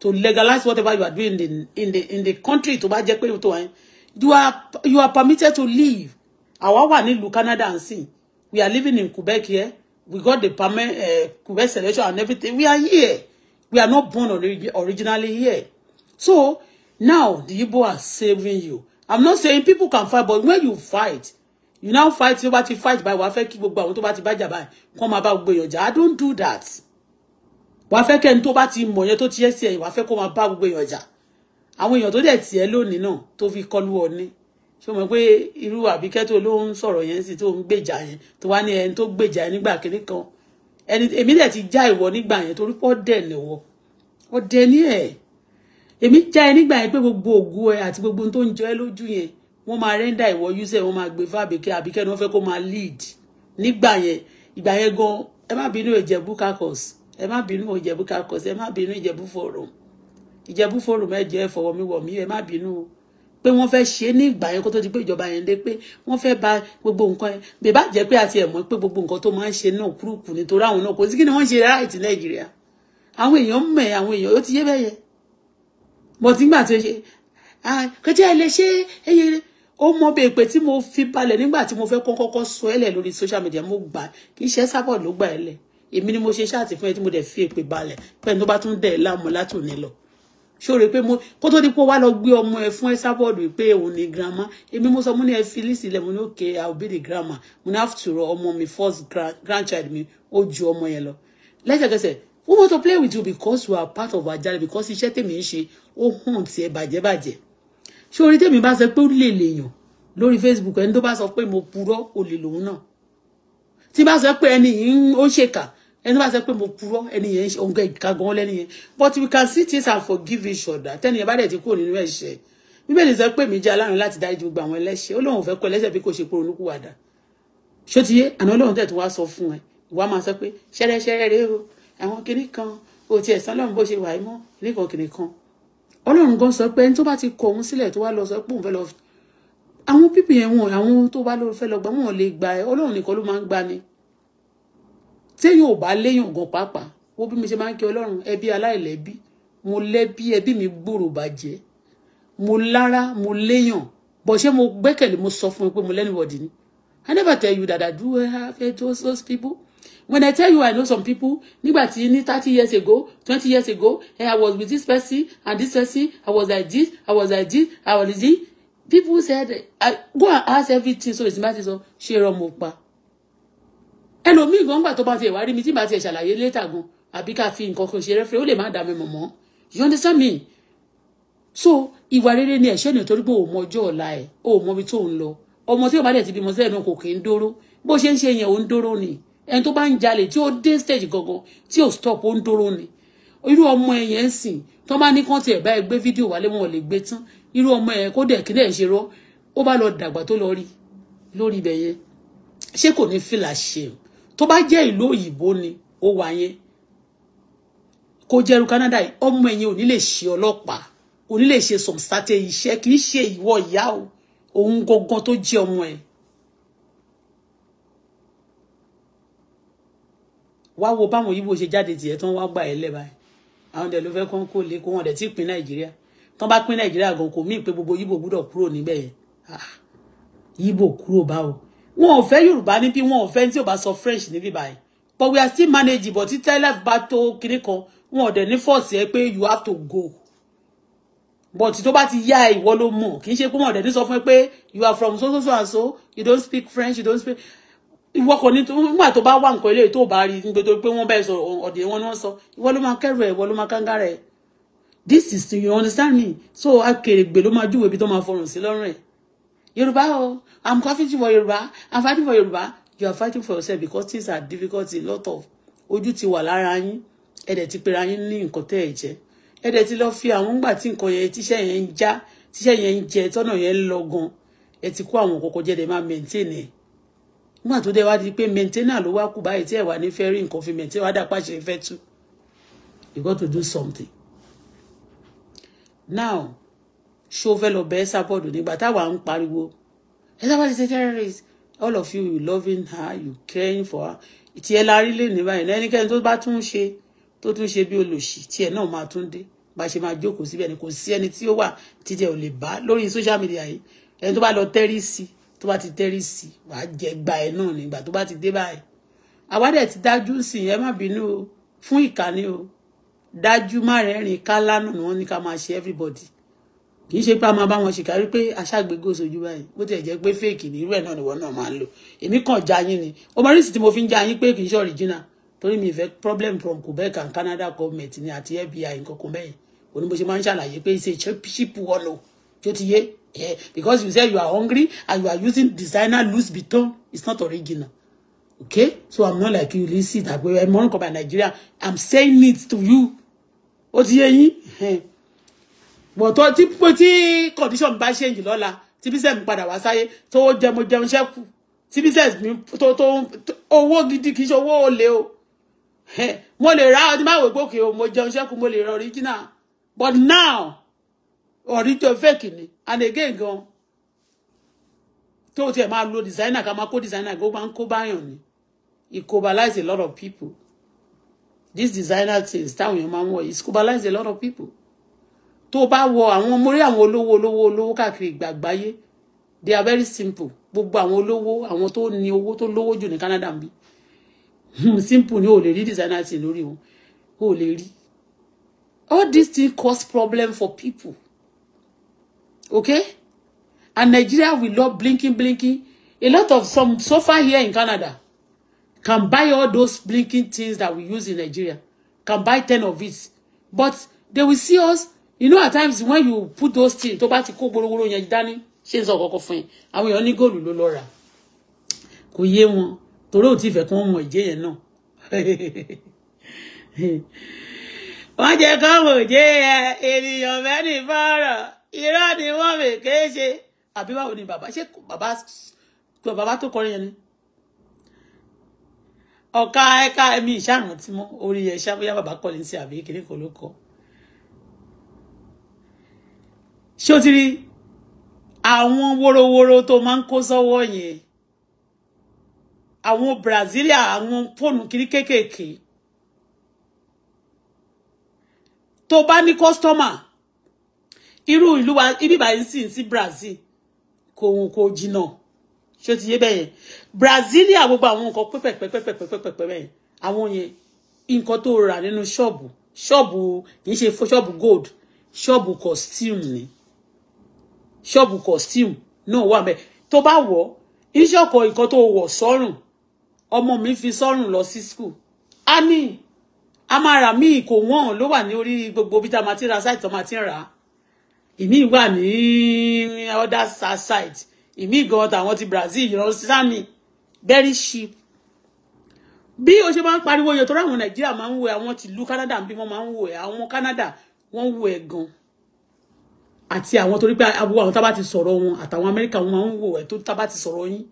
to legalize whatever you are doing in the in the in the country tó bá jẹ́ pé tó wà yẹn you are you are permitted to leave àwa wà nílùú canada and sin we are living in quebec here we got the permit uh, quebec selection and everything we are here we are not born orig originally here so now the Igbo are saving you i'm not saying people can fight but when you fight you now fight You o to fight by wàá fẹ́ kí gbogbo àwọn tó jabai. Come about jà báyìí i don't do that wàá fẹ́ kẹ́ni tó bá ti mọ̀ come about ti yẹ sí ẹ̀ wàá fẹ́ kó máa bá gbogbo èèyàn jà àwọn èèyàn tó dẹ̀ tì ẹ́ lónìí náà tó fi kọlu ọ̀ní ṣé o mọ̀ pé irú àbíkẹ́ tó ló ń sọ̀rọ̀ yẹn sí tó ń gbèjà yẹn tó wá ní ẹni tó gbèjà yẹn nígbà kiri kan ẹni èmi dẹ̀ èmi já ẹ nígbà yẹn pé gbogbo ògo ẹ àti gbogbo tó ń jọ ẹ lójú yẹn wọ́n máa rẹ́ńdà ìwọ user wọ́n máa gbé fún àbíkẹ́ àbíkẹ́ ni wọ́n fẹ́ kó máa lead nígbà yẹn ìgbà yẹn gan ẹ má bínú ìjẹ̀bú kakọ̀s ẹ má bínú ìjẹ̀bú kakọ̀s ẹ má bínú ìjẹ̀bú forum ìjẹ̀bú forum ẹ jẹ́ fọwọ́míwọ̀mí ẹ má bínú o pé wọ́n fẹ́ ṣe é ní ìgbà yẹn kó tó di pé ìjọba yẹn dé pé wọ́n fẹ́ ba gbogbo nǹkan yẹn bèbá jẹ́ pé àti ẹ̀mọ́ pé gbogbo nǹkan tó máa ń ṣe náà kúrúkù nítorí àwọn náà kò sí kí ni wọ́n ṣe ráìtì nàìjíríà àwọn èèyàn mọ̀ àwọn èèyàn ó ti yé bẹ́yẹn but nígbà tó ṣe ah, kọjá ẹ lè ṣe eye ó mọ bí èpè tí mo fi balẹ̀ nígbà tí mo fẹ́ kọ́kọ́kọ́ sọ ẹ́lẹ̀ lórí social media mo gbà kì í ṣe sábọ̀ ló gbà ẹ́lẹ̀ èmi ni mo ṣe ṣáàtì fún ẹ tí mo dẹ̀ fi èpè balẹ̀ pẹ̀lú tó bá tún dẹ̀ láàmú látòní lọ ṣóore pé mo kó tó di pé wá lọ gbé ọmọ ẹ fún ẹsábọọdù pé òun ni grandma èmi mo sọ mo ní ẹ fi lísì ilẹ̀ mo ní òkè i will grandma mo ní after all ọmọ mi first grandchild mi ó ju ọmọ yẹn lọ lẹ́sẹ̀kẹsẹ̀ we want to play with you because you are part of our jale because iṣẹ́ tèmi ń ṣe ó hàn tiẹ̀ bàjẹ́ bàjẹ́ ṣé orí tèmi bá sọ pé ó lè lèèyàn lórí Facebook ẹni tó bá sọ pé mo purọ́ olè lòun náà tí bá sọ pé ẹni yìí ó ṣèkà ẹni bá sọ pé mo purọ́ ẹni yẹn òǹkà ìka gan lẹ́ni yẹn but we can see things and forgive each other tẹ́ni yẹn bá dẹ̀ ti kúrò nínú ẹ̀ṣẹ̀ bíbélì sọ pé mi jẹ́ aláàánú láti dáríjì gbogbo àwọn ẹlẹ́ṣẹ̀ ó lóun fẹ́ kọ́ ẹlẹ́ṣẹ̀ bí kò ṣe pé olúkúwàdà ṣó ti yé àná ọlọ́run tẹ̀ tó wá sọ fún ẹ ìwà máa sọ pé ṣẹ́rẹ́ṣẹ́rẹ́ rèé o àwọn kinní kan o tiẹ̀ sọ́lọ́run bó ṣe wà á mọ́ kinní kan kinní kan ọlọ́run gan sọ pé ẹni tó bá ti kọ òun sílẹ̀ tó wá lọ sọ pé òun fẹ́ lọ àwọn pípì yẹn wọn àwọn tó bá lọ fẹ́ lọ gbà wọn lè gba ẹ ọlọ́run nìkan ló máa ń gba ni téèyàn ò bá léèyàn gan pàápàá wo bí mi ṣe máa ń kí ọlọ́run ẹbí aláìlẹ́bí mo lẹ́bí ẹbí mi gbòòrò bàjẹ́ mo lára mo léèyàn bọ̀ ṣé mo gbẹ́kẹ̀lé mo sọ fún mi pé mo lẹ́nu wọ̀dì ni I never tell you that I do have those people when i tell you i know some people nígbà tí ní thirty years ago twenty years ago eh, i was with this person and this person i was like this i was like this i was like this people said i go and ask everything so ìsìnbá ti sọ ṣe rọmọ pa ẹlòmíì gan gbà tó bá ti ẹwà rí mi tí bá ti ẹ ṣàlàyé létà gan àbí ká fi nǹkan kan ṣe rẹfẹ ó lè má dàmí mọ you understand me so ìwà rere ni ẹ̀ṣẹ̀ ni torí pé òun mọ ọjọ́ ọ̀la ẹ̀ òun mọ ibi tó ń lọ ọmọ tí ò bá dẹ̀ ti bímọ sílẹ̀ náà kò kì í dóró bó ṣe ń ṣe yẹn òun dóró ni ẹni tó bá ń jalè tí ó dé stage gangan tí ò stop ó ń dóró ni irú ọmọ ẹ yẹn ń sìn tó bá ní kán tiẹ̀ bá ẹ gbé fídíò wálé wọn lè gbé tán irú ọmọ ẹ kó dẹ̀ kí dẹ̀ ṣe rọ́ ó bá lọ dàgbà tó lọ rí lórí ibẹ̀ yẹn ṣé kò ní fìlà ṣe tó bá jẹ́ ìlú òyìnbó ni ó wà yẹn kó jẹ́rú Canada yìí ọmọ ẹ̀yìn ò ní lè ṣe ọlọ́pàá ò ní lè ṣe some iṣẹ́ kì í ṣe ìwọ ìyá o òun gangan tó jẹ́ ọmọ ẹ̀ wá wo báwọn yìí bó ṣe jáde tiẹ̀ tó ń wá gbà ẹ́ lẹ́bàá àwọn ọ̀dẹ̀ ló fẹ́ kán kó lé kó wọn ọ̀dẹ̀ tí pín nàìjíríà tán bá pín nàìjíríà gan kò mí pé gbogbo yìbò gbúdọ̀ kúrò níbẹ̀ yẹn yìbò ah, kúrò báwo wọn ò fẹ́ yorùbá níbí wọn ò fẹ́ tí ò bá sọ french níbí báyìí but we are still managing but títí life bá tó kinní kan wọn ọ̀dẹ̀ ní force ẹ pé you have to go but tó bá ti yá ìwọ ló mọ̀ kì í ṣe pé wọn ọ̀dẹ̀ ní sọ fún ẹ pé you are from so so so and so you don't speak french you don't speak ìwọ kò ní nígbà tó bá wà nǹkan eléyìí tó bá rí nítorí pé wọ́n bẹ́ẹ̀ sọ ọ̀dẹ̀ wọn ni wọ́n sọ ìwọ ló máa kẹ́rù ẹ̀ ìwọ ló máa kánga rẹ̀ this is you understand me so akèrègbè ló máa júwèé ibi tó máa fọrùn sí lọ́rùn ẹ̀ yorùbá o i'm fighting for yorùbá i'm fighting for yorùbá you are fighting for yourself because things are difficult a lot of ojú ti wà lára yín ẹ̀dẹ̀ ti pera yín ní nǹkan tẹ́ ẹ̀ jẹ́ ẹ̀dẹ̀ ti lọ fi àwọn gbà tí nǹkan yẹn tíṣẹ́ yẹn ń já tíṣẹ́ yẹn ń jẹ tọ́nà yẹn ń lọ gan ẹ ti kó àwọn kọ̀ọ̀kan jẹ́ dẹ̀ máa maintain ẹ̀ nígbà tó dé wá di pé maintainer ló wá kù báyìí tí ẹ wà ní fẹ́ rí nǹkan fi maintain wá dàpá ṣe fẹ́ tú you got to do something now ṣó fẹ́ lọ bẹ́ẹ́ sábọ̀dù nígbà táwa ń pariwo ẹ sábà ti ṣe terrorist all of you you loving her you caring for her ìtì ẹ la rí lè ní báyìí ẹnikẹ́ni tó bá tún ṣe tó tún ṣe bí olòṣì tí ẹ náà máa tún dé bá ṣe máa jókòó síbẹ̀ ni kò sí ẹni tí ó wà títẹ̀ ò lè bá lórí social media yìí ẹni tó bá lọ tẹ́rí sí i tó bá ti tẹ́rí sí wà á jẹ gba ẹ náà nígbà tó bá ti dé báyìí àwa dẹ̀ ti dájú sí ẹ má bínú o fún ìkànnì o dájú má rẹ́rìn ká lánà ni wọ́n ní ká máa ṣe everybody kì í ṣe pé a máa bá wọn ṣèkárí pé aṣáàgbégó sojú báyìí bó tiẹ̀ jẹ́ pé fèèkì ní irú ẹ̀ náà ni wọ́n náà máa ń lò èmi kàn já yín ni o mọ rísì tí mo fi ń já yín pé kì í ṣe original torí mi ìfẹ́ problem from Quebec and Canada government ni àti FBI nǹkan kan bẹ́ẹ̀ òní mo ṣe máa ń ṣàlàyé pé ṣe ṣípù ọ̀nà tó ti yé Yeah, because you say you are hungry and you are using designer Louis Vuitton. It's not original. Okay? So I'm not like you, see that way. I'm not by Nigeria. I'm saying it to you. Ó ti yé yín? But what if condition bá change lọ́la? Tí business mi padà wá sáyé tó jẹ mo jẹun ṣẹ́kù. Tí business Oh, what tó owó gidi kì í ṣe owó olè o. Mo lè ra ọdún máa wò gbókè o, mo jẹun ṣẹ́kù, mo lè ra original. But now, original fake ni and again gan tó tiẹ̀ máa lo designer ká máa kó designer gbogbo máa ń kó báyàn ni it cobalize a lot of people this designer things táwọn èèyàn máa ń wọ it cobalize a lot of people tó bá wọ àwọn mo rí àwọn olówó olówó olówó káàkiri ìgbàgbáyé they are very simple gbogbo àwọn olówó àwọn tó ní owó tó lówó jù ní Canada ń bí hmm, simple ni o lè rí designer thing lórí wọn o lè rí all these things cause problem for people Okay? And Nigeria will love blinking, blinking. A lot of some sofa here in Canada can buy all those blinking things that we use in Nigeria. Can buy 10 of it. But they will see us. You know, at times when you put those things, tó bá ti kó gbólógbóló yẹn dání, ṣé ń sọ kọ́kọ́ fún yín. Àwọn èèyàn ní góòlù ló lọ rà. Kò yé wọn. Torí ò tí fẹ́ kí wọ́n mọ ìjẹ́ yẹn náà. <laughs> Wọ́n jẹ́ kọ́ irọ́ ni wọ́n mi kéé ṣe àbí báwo ni bàbá ṣé bàbá bàbá tó kọrin yẹn ni ọ̀ka ẹ̀ka ẹ̀mí ìṣàrántí mọ́ orí ẹ̀ ṣá bóyá bàbá kọ́ lẹ́sìn àbí kìnní kan ló kọ́ ṣé o ti rí àwọn worowóró tó máa ń kó sọ́wọ́ yẹn àwọn Brasilia àwọn fóònù kìnní kéékèèké tó bá ní kọ́sítọ́mà iru ìlú wa ibi ba sì sí Brazil kò kò jìnnà ṣé ti yé bẹ́ẹ̀ yẹn Brazilia gbogbo àwọn nǹkan pẹ́pẹ́pẹ́pẹ́pẹ́pẹ́pẹ́ bẹ́ẹ̀ àwọn yẹn nǹkan tó rà nínú ṣọ́ọ̀bù ṣọ́ọ̀bù kì í ṣe fún ṣọ́ọ̀bù gold ṣọ́ọ̀bù costume ni ṣọ́ọ̀bù costume no wa me tó bá wọ̀ iṣẹ́ ọkọ̀ nǹkan tó wọ̀ sọ́rùn ọmọ mi fi sọ́rùn lọ sí school a ní a máa rà míì kò wọ́n ló wà ní orí gbogbo bí tá a ti ra sáìtì tó ti rà ìmí wà ní other side ìmí gan tàwọn ti Brazil ìran sami very cheap bí o ṣe máa ń pariwo iye tó ráwọn Nàìjíríà máa ń wo àwọn tìlú Canada bí wọ́n máa ń wo àwọn Canada wọ́n wo ẹ̀ gan àti àwọn torí pé abu àwọn tábà ti sọ̀rọ̀ wọn àtàwọn Amẹ́ríkà wọn máa ń wo ẹ̀ tó tábà ti sọ̀rọ̀ yín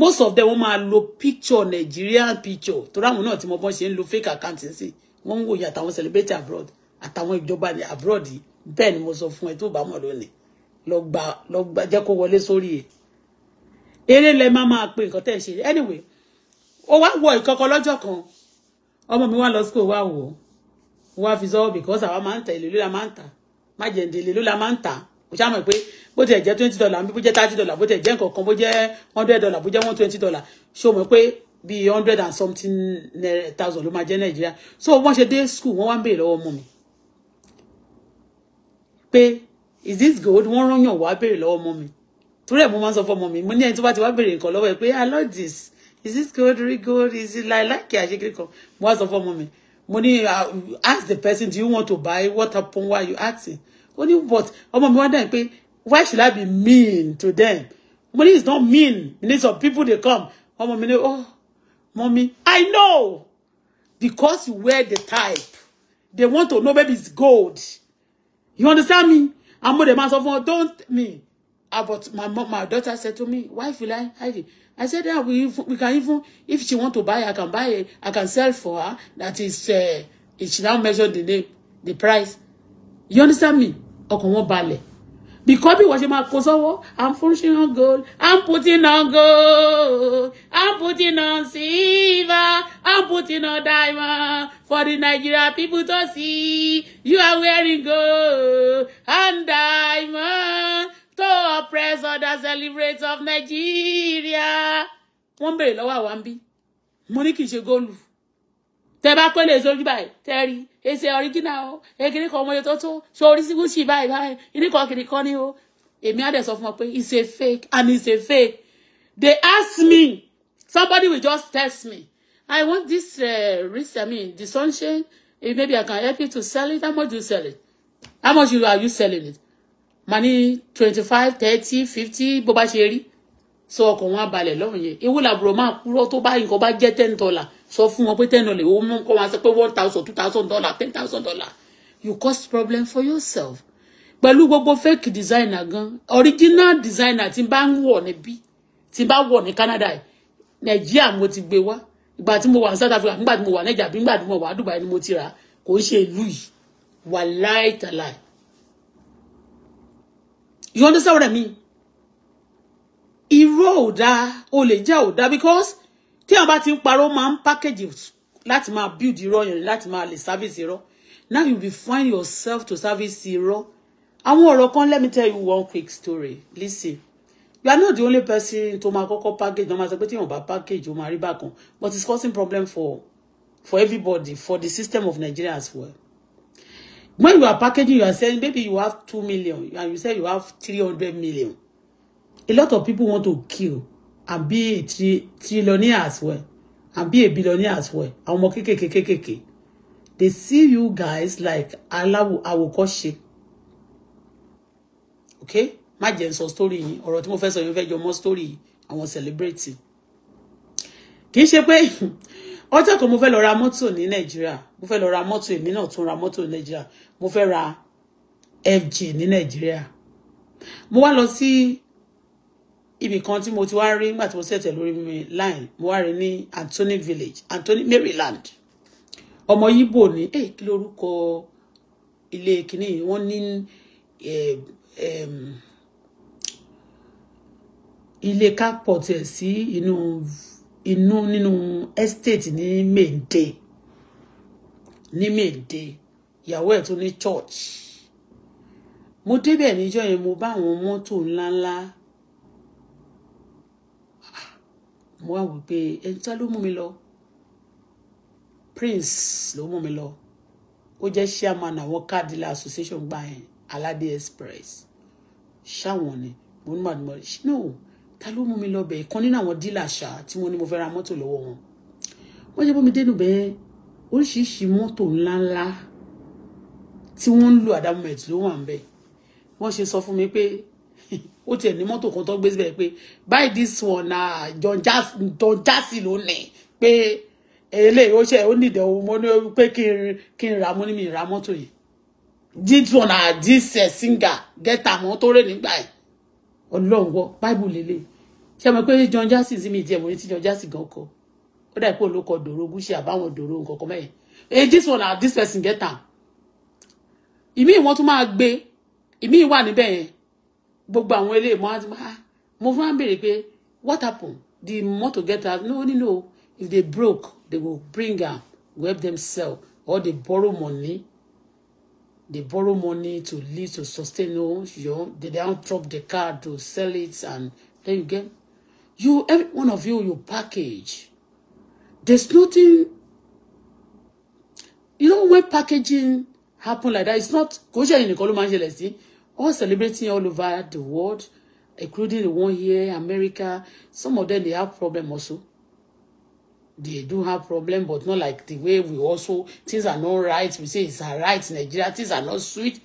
most of them wọ́n máa lo picture Nigerian picture torí àwọn náà tí mo bọ́n ṣe ń lo fake account sí wọ́n ń wo ìyá àtàwọn celebrity abroad àtàwọn ìjọba abroad yìí bẹ́ẹ̀ ni mo sọ fún ẹ tó bá mọ̀ lónìí lọ gba lọ gba jẹ́ kó wọlé sórí ẹ eré lẹ má máa pe nǹkan tẹ́ ẹ ṣe anyway ó wá wọ ìkọkọ lọ́jọ́ kan ọmọ mi wá lọ school wá wò ó wá fi sọ́wọ́ because àwa máa ń tà èlò ló la máa ń tà má jẹ̀ ǹdè èlò ló la máa ń tà kò sáà mọ̀ pé bó ti ẹ̀ jẹ́ twenty dollar bó jẹ́ thirty dollar bó ti ẹ̀ jẹ́ nǹkan kan bó jẹ́ hundred dollar bó jẹ́ one twenty dollar ṣé o mọ̀ pé bíi hundred and something thousand ló máa jẹ́ nàìjíríà so wọ́n ṣe dé school wọ́n wá ń béèrè lọ́wọ́ ọmọ mi pé is this gold wọ́n rán yàn wá béèrè lọ́wọ́ ọmọ mi torí ẹ̀ mo máa ń sọ fọmọ mi mo ní ẹni tó bá ti wá béèrè nǹkan lọ́wọ́ ẹ̀ pé i ah, love this is this gold real gold is it like like àṣekere kan mo wá sọ fọmọ mi mo ní ah, ask the person do you want to buy what happen why you asking ó ní but ọmọ mi wá dáhùn pé why should i be mean to them mo ní it's not mean it means some people dey come ọmọ mi ní oh mommy i know because you wear the type they want to know maybe it's gold. You understand me? I'm And the man so for don't me. Ah, but my my daughter said to me, why will I hide it? I said yeah, we we can even if she want to buy, I can buy it. I can sell for her. That is, uh, she now measure the name, the price. You understand me? Ọkàn wọn balẹ̀ because bí wọ́n ṣe máa kó sọ́wọ́ i'm pushing on gold i'm putting on gold i'm putting on silver i'm putting on diamond for the Nigeria people to see you are wearing gold and diamond to oppress others celebrate of Nigeria. wọ́n béèrè lọ́wọ́ àwọn bí mo ní kì í ṣe góòlù tẹ bá pélé sórí báyìí tẹ́ rí èsì ọ̀ríjínà o èkìní kan ọmọye tó tó ṣe oríṣiríṣi sí báyìí báyìí ìní kan kìnì kan ni o èmi á dẹ̀ sọ fún wọn it's a fake and it's a fake they ask me somebody will just text me i want this uh, risk i mean the sunshine eh, maybe i can help you to sell it how much do you sell it how much you, are you selling it Money ní twenty five thirty fifty bó bá so ọkàn wọn á balẹ̀ lọ́rùn yẹn ewu làbúrò máa kúrò tó bá nǹkan bá jẹ́ ten dollar sọ fún wọn pé ten dollar owó mú kọ́ wọn sọ pé one thousand two thousand dollar ten thousand dollar you cause problem for yourself pẹ̀lú gbogbo fake designer gan original designer tí n bá ń wọ̀ níbí tí n bá wọ̀ ní Canada Nàìjíríà mo ti gbé wá ìgbà tí mo wà ní South Africa nígbà tí mo wà ní ìjàbí nígbà tí mo wà ní Dubai ni mo ti rà kò ń ṣe ìlú yìí wà láìtàláì you understand what I mean irọ́ ò dáa olè jẹ́ ò dáa because tí àwọn bá ti ń parọ́ máa ń package láti máa build irọ́ yẹn láti máa lè service irọ́ now you be find yourself to service irọ́ àwọn ọ̀rọ̀ kan let me tell you one quick story listen you are not the only person to máa kọ́kọ́ package náà máa sọ pé tí èèyàn bá package ó máa rí bákan but it's causing problem for for everybody for the system of Nigeria as well when you are packaging you are saying maybe you have two million and you say you have three hundred million a lot of people want to kill and be a tri trillionaire as well and be a billionaire as well àwọn ọmọ kékèké kékèké they see you guys like aláwo àwòkọ́ṣe okay má jẹ́ n sọ story yìí ọ̀rọ̀ tí mo fẹ́ sọ yìí fẹ́ jọ mọ́ story yìí àwọn celebrity kì í ṣe pé <laughs> ọjọ́ kan mo fẹ́ lọ ra mọ́tò ní nàìjíríà mo fẹ́ lọ ra mọ́tò èmi náà tún ra mọ́tò ní mo fẹ́ ra FJ ní Nigeria. mo wá lọ sí Ibi kan tí mo ti wá rí nígbà tí mo ṣẹ̀tẹ̀ lórí mi line mo wá rí ní Anthony village Anthony Maryland ọmọ Yíbò ní ẹ kí lórúkọ ilé kìíní wọ́n ní eh, ilé carport ẹ̀ sí inú inú nínú estate ní Mende ní Mende ìyàwó ẹ̀ tó ní church mo débẹ̀ níjọ́ yẹn mo bá àwọn mọ́tò ńláńlá mo wá wò pé ẹni ló mú mi lọ prince ló mú mi lọ ó jẹ́ chairman àwọn cardinal association gbà yẹn aládé express ṣáwọn ni mo ní màdùmọ́ no ta ló mú mi lọ bẹ̀ ìkan nínú àwọn dílà ṣá tí wọ́n ní mo fẹ́ ra mọ́tò lọ́wọ́ wọn wọ́n jẹ́ bọ́ mi dénú bẹ́ẹ̀ oríṣiríṣi mọ́tò ńláńlá tí wọ́n ń lo àdámọ́ẹ̀tì ló wà ń bẹ̀ wọ́n ṣe sọ fún mi pé ó tiẹ̀ ní mọ́tò kan tó gbé síbẹ̀ pé buy this one na Don Jazzy ló nì pé eléyìí ó ṣe ó nìdẹ̀ ohun mo ní pé kí n ra mo ní mi ra mọ́tò yìí this one na this eh, singer get am tó rè nígbà yìí ọlọ́run wọ báìbù lélẹ̀ ṣe mọ̀ pé Don Jazzy sí mi ìdí ẹ̀mọ́ ní ti Don Jazzy gan kọ ó dà pé olóko dòrò gúúsì àbáwọn dòrò nǹkan kan mẹ́yìn eh this one na this person get am ìmí ìwọ́n tún máa gbé ìmí ìwà níbẹ̀ yẹn gbogbo àwọn eléyìí mo á ti máa mo fún wa béèrè pé what happen the motor get out no no no if they broke they go bring am go help them sell or they borrow money they borrow money to live to sustain you know they don drop the car to sell it and then you get you every one of you you package there's nothing you know when packaging happen like that it's not kò ṣe ẹ̀yìn nìkan ló máa ń ṣẹlẹ̀ sí all celebrating all over the world, including the one here, America. Some of them, they have problem also. They do have problem, but not like the way we also, things are not right. We say it's all right Nigeria, things are not sweet.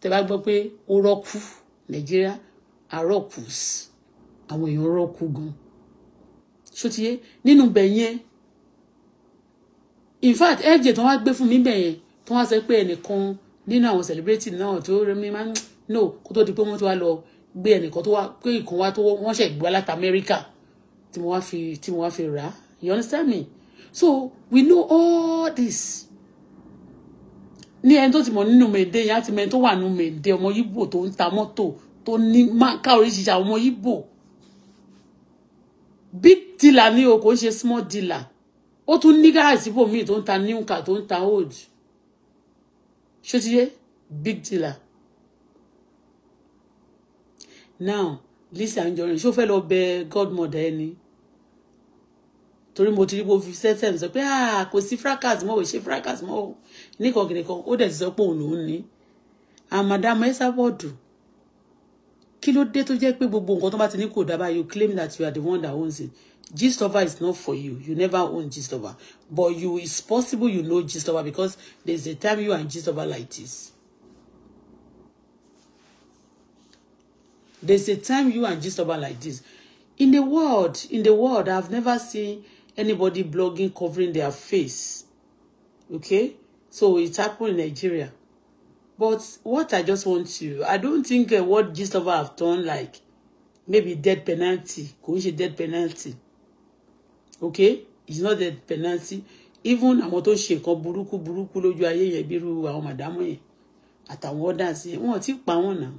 The bá gbọ́ pé ó Nigeria, Arokus, sí. Àwọn èèyàn rọ́kù gan. Ṣótiyé nínú bẹ̀ yẹn. In fact, ẹ̀jẹ̀ tó wá gbé fún mi bẹ̀ yẹn, tó wá sọ pé ẹnìkan nínú àwọn celebrity náà tó rí mi no kó tó di pé wọ́n ti wá lọ gbé ẹnìkan tó wá pé ìkan wá tó wọ́n ṣẹ̀ gbé láti Amẹ́ríkà tí mo wá fi tí mo wá fi rà you understand me so we know all this ní ẹni tó ti mọ̀ nínú mèdè yẹn àti mẹni tó wà nínú mèdè ọmọ Yíbò tó ń ta mọ́tò tó ní máka oríṣiríṣi àwọn ọmọ Yíbò big dealer ni o kò ń ṣe small dealer ó tún ní gáàsì bòmíì tó ń ta new car tó ń ta old ṣó ti yé big dealer now Lizzy Anjorin ṣó fẹ́ lọ bẹ godmother ẹni torí mo ti rí bó fi sẹ́sẹ̀ sọ pé ah, kò sí fracas mọ́ ò ṣe fracas mọ́ ò níkọ̀kìnì kan ó dẹ̀ ti sọ pé òun lòún ní àmàdàmọ́ ah, ẹ́sàbọ̀dù kí ló dé tó jẹ́ pé gbogbo nǹkan tó bá ti ní kò dábàá you claim that you are the one that owns it Gistlover is not for you you never own Gistlover but you it's possible you know Gistlover because there's a time you and Gistlover like this. There's a time you and gist about like this. In the world, in the world, I've never seen anybody blogging covering their face. Okay? So it's happened in Nigeria. But what I just want to, I don't think uh, what gist of have done like maybe death penalty, kò ń ṣe death penalty. Okay? It's not death penalty. Even àwọn tó ṣe nǹkan burúkú burúkú lójú ayé yẹn bírú àwọn màdámù yẹn àtàwọn pa wọn náà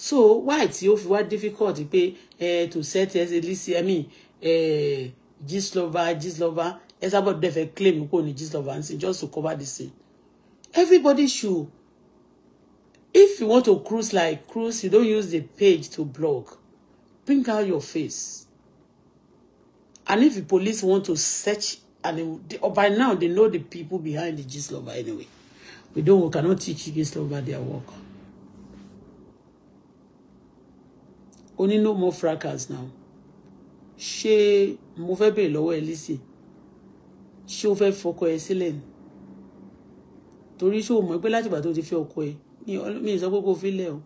so why tí ó fi wá difficult pé eh, to set as a lisi i mean eh, gislova gislova esabod dẹ fẹ́ claim kò ní gislova and sin just to cover the sin everybody should if you want to cruise like cruise you don't use the page to blog bring out your face and if the police want to search and they, or oh, by now they know the people behind the gislova anyway we don't we cannot teach gislova their work. ó ní no more fracas now ṣé mo fẹ́ béèrè lọ́wọ́ ẹ lísì ṣé o fẹ́ fọkọ ẹ sílẹ̀ ni torí ṣé o mọ̀ pé látìgbà tó ti fi ọkọ ẹ mi sọ pé kó filẹ̀ o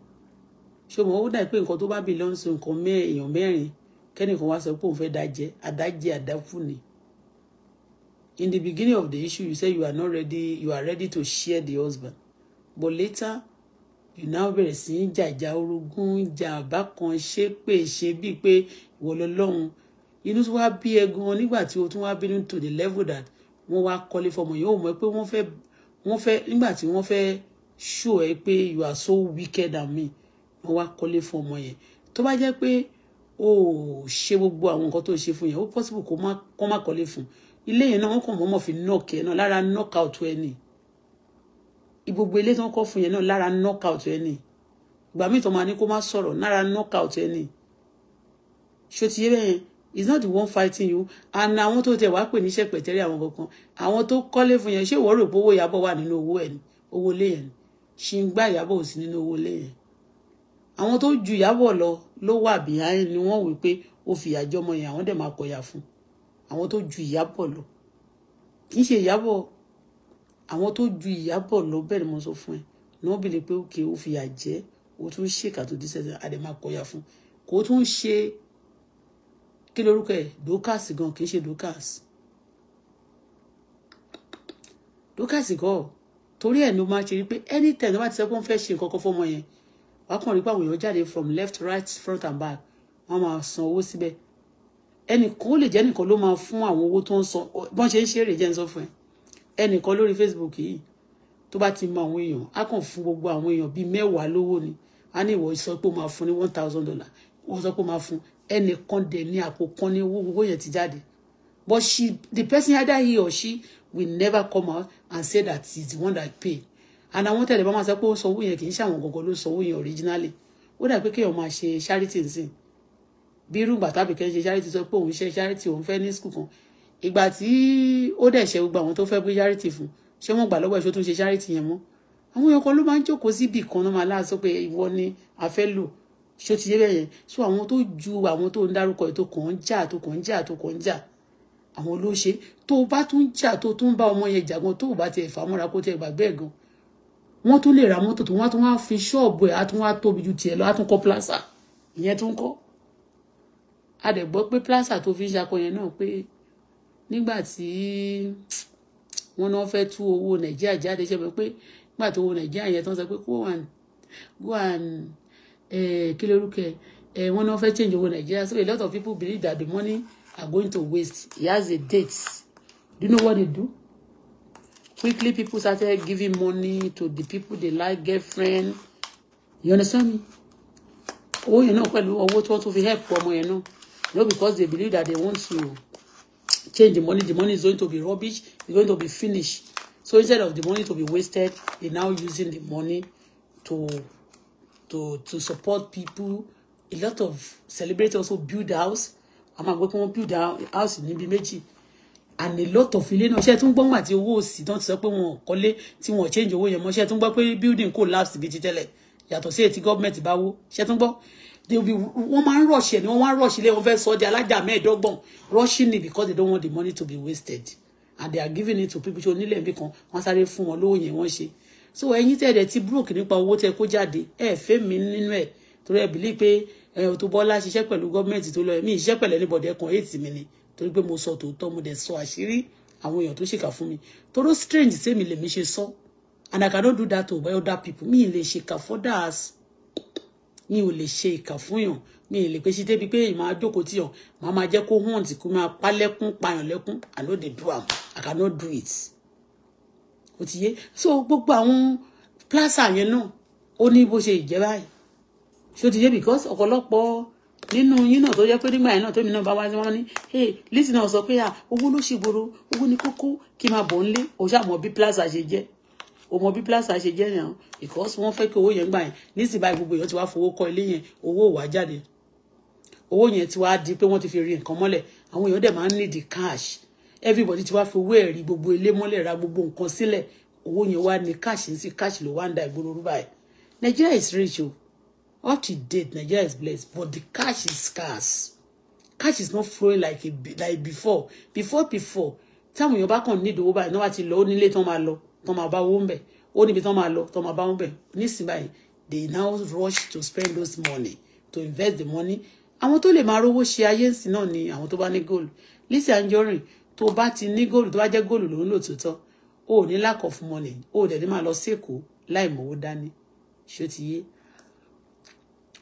ṣé o mọ̀ ó dà pé nǹkan tó bá bì lọ́nṣin nǹkan èèyàn mẹ́rin kẹ́nìkan wá sọ pé òun fẹ́ dájẹ́ àdájẹ́ àdáfù ni in the beginning of the issue you say you are not ready you are ready to share the husband but later ìná bẹ̀rẹ̀ sí í jàjà orogún jà bá kan ṣe pé ṣe bíi pé ìwọ lọ́lọ́run inú tí wàá bí ẹ nígbà tí o tún wàá bínú to the level that wọ́n wá kọ́lé fọmọ yìí ó mọ̀ pé wọ́n fẹ́ wọ́n fẹ́ nígbà tí wọ́n fẹ́ show ẹ pé you are so wicked than me. wọ́n wá kọ́lé fọmọ yẹn tó bá jẹ́ pé o ṣe gbogbo àwọn nǹkan tó ṣe fún yẹn ó possible kó má kọ́lé fún ilé yẹn náà wọ́n kàn mọ́mọ́ fi knock ẹ náà lára knock out ẹni gbogbo ilé tán kọ́ fún yẹn náà lára knockout ẹ̀ ni ìgbà míì tó máa ní kó má sọ̀rọ̀ lára knockout ẹ̀ ni ṣó ti yé bẹ́ẹ̀ yẹn it's not the one fighting you and àwọn tó tẹ̀ wá pè ní ṣẹ̀pẹ̀tẹ́rẹ́ àwọn kankan àwọn tó kọ́lé fún yẹn ṣé ìwọ rò pé owó Ìyábọ̀ wà nínú owó ẹ̀ ni owó ilé yẹn ni ṣì ń gbá Ìyábọ̀ òsì nínú owó ilé yẹn àwọn tó ju Ìyábọ̀ lọ ló wà behind ni wọ́n wí pé ó fìyà jọmọ yẹn àwọn dẹ̀ máa kọ̀yà fún àwọn tó ju Ìyábọ̀ lọ kì í ṣe Ìyábọ̀ àwọn tó ju Ìyábọ̀ lọ bẹ́ẹ̀ ni mo sọ fún ẹ ní wọ́n bèèrè pé òkè ó fìyà jẹ ó tún ṣèkà tó dí sẹ́sẹ̀ àdè máa kọyà fún kó tún ṣe kí lórúkọ ẹ̀ dókàsì gan kì í ṣe dókàsì dókàsì gan torí ẹ̀ ló máa ṣe rí pé anytime tó bá ti sọ pé wọ́n fẹ́ ṣe nǹkan kan fọmọ yẹn wàá kàn rí pé àwọn èèyàn jáde from left right front and back wọ́n máa san owó síbẹ̀ ẹnìkan ó lè jẹ́ nìkan ló máa fún àwọn owó tó ń san bọ́n ṣe ń ṣe èrè jẹ́ ń sọ fún ẹ ẹnìkan lórí Facebook yìí tó bá ti mọ àwọn èèyàn á kàn fún gbogbo àwọn èèyàn bíi mẹ́wàá lówó ni a ní ìwọ sọ pé ó máa fún ní one thousand dollar wọ́n sọ pé ó máa fún ẹnìkan dẹ̀ ní àpò kan ní owó gbogbo yẹn ti jáde but she the person either he or she will never come out and say that he is the one that pay and àwọn tẹ̀lé bá máa sọ pé ó sọ owó yẹn kì í ṣe àwọn ló sọ yẹn originally ó dà pé kéèyàn máa ṣe charity nsìn bí irú bàtà bìkẹ́ ṣe charity sọ pé òun ṣe charity òun fẹ́ ní school kan ìgbà tí ó dẹ̀ ṣe gbogbo àwọn tó fẹ́ gbé charity fún ṣé wọ́n gbà lọ́wọ́ ẹ̀ ṣó tún ṣe charity yẹn mọ́ àwọn èèyàn kan ló máa ń jókòó síbì kan náà máa láàṣọ pé ìwọ ni a fẹ́ lò ṣó ti yé bẹ́ẹ̀ yẹn so àwọn tó ju àwọn tó ń dárúkọ tó kàn ń jà tó kàn ń jà tó kàn ń jà àwọn ló ṣe tó bá tún jà tó tún bá ọmọ yẹn jà tó bá tiẹ̀ fà mọ́ra kó tiẹ̀ gbàgbé gan wọ́n tún lè ra mọ́tò tó wọ́n tún wá fi ṣọ́ọ̀bù ẹ̀ á tún wá tóbi ju tiẹ̀ lọ á tún kọ́ plaza ìyẹn tún kọ́ a dẹ̀ gbọ́ pé plaza tó fi ń ṣakọ yẹn náà pé nígbà tí wọ́n náà fẹ́ tú owó nàìjíríà jáde ṣe mọ̀ pé nígbà tó owó nàìjíríà yẹn tó ń sọ pé go and go and kí lórúkọ ẹ wọ́n náà fẹ́ change owó nàìjíríà so a lot of people believe that the money are going to waste he has a date do you know what they do quickly people started giving money to the people they like girlfriend you understand me owó yẹn náà pẹ̀lú owó tí wọ́n tún fi help ọmọ yẹn náà no because they believe that they want to change the money. The money is going to be rubbish. It's going to be finished. So instead of the money to be wasted, they're now using the money to to to support people. A lot of celebrities also build house. I'm working on build house in Ibimeji. and a lot of ilé náà ṣe tún gbọ́ngbà tí owó òsì náà ti sọ pé wọn ò kọ́lé tí wọn ò change owó yẹn mọ́ ṣe tún gbọ́ pé building collapse bíi ti tẹ́lẹ̀ yàtọ̀ sí ètí gọ́ọ̀mẹ̀ntì bá wó she don't gbọ́ they will be wọ́n máa ń rush ẹ̀ ni wọ́n wá ń rush ilé wọn fẹ́ sọ ọ́ di alájà rushing it because they don't want the money to be wasted and they are giving it to people So onílẹ̀ níbi kan wọ́n sáré fún you lówó yẹn wọ́n ṣe so ẹ̀yin tẹ̀ dẹ̀ ti broke nípa owó tẹ kó jáde ẹ̀ fẹ́ mi nínú ẹ̀ torí ẹ̀ to pé ẹ̀ She check with pẹ̀lú gọ́ọ̀mẹ̀ntì tó lọ ẹ̀mí ìṣiṣẹ́ pẹ̀lú anybody Come eight mi ni torí pé mo sọ tòótọ́ mo dẹ̀ sọ àṣírí àwọn to tó ṣèkà fún mi toro strange sẹ́mi lèmi ṣe sọ and I cannot do that to other people mi lè ṣèkà for that mi ò lè ṣe ìkà fún yàn mi ò lè pe ṣe débi pé ìmọ̀ àjókòó tí yàn màá máa jẹ́ kó hàn tí kò máa pa lẹ́kún payàn lẹ́kún I no dey do am I cannot do it ó ti yé so gbogbo àwọn plaza yẹn náà ó ní bó ṣe ìjẹ́ báyìí ṣó ti yé because ọ̀pọ̀lọpọ̀ nínú yín náà tó jẹ́ pé nígbà yẹn náà tómi náà bá wá sí wọn ní hey listen náà sọ pé ah, owó ló ṣègboro owó ni kókó kí n máa bọ̀ ń lé òṣàmọ̀ bí plaza ṣe jẹ́ Omo mọ bí plaza ṣe jẹ́ yẹn because wọ́n fẹ́ kí owó yẹn gbà yẹn nísìnyí báyìí gbogbo èèyàn ti wá fowó kọ́ ilé yẹn owó ò wá jáde owó ti wá di pé wọ́n ti fi rí nǹkan mọ́lẹ̀ àwọn èèyàn dẹ̀ máa need cash everybody ti wá fi owó ẹ̀rí gbogbo ilé mọ́lẹ̀ ra gbogbo nǹkan sílẹ̀ owó yẹn wá ní cash ní sí cash ló wá ń da ìgboro rú Nigeria is rich o up to date Nigeria is blessed but the cash is scarce cash is not flowing like a, like before before before táwọn èèyàn bá kàn ní ìdòwò báyìí náà wá ti lọ ó nílé tán máa lọ tán bá owó ń bẹ̀ ó níbi tán máa lọ bá owó ń bẹ̀ nísìnyí they now rush to spend those money to invest the money àwọn tó lè máa rówó ṣe ayé ǹsìn náà ni àwọn tó bá ní gold. Lizzy Anjorin tó bá ti ní gold, tó bá jẹ́ góòlù lòún lò tó tọ́ o ní lack of money o ò dẹ̀ ní máa lọ sí èkó láì mọ̀wó dání ṣó ti yé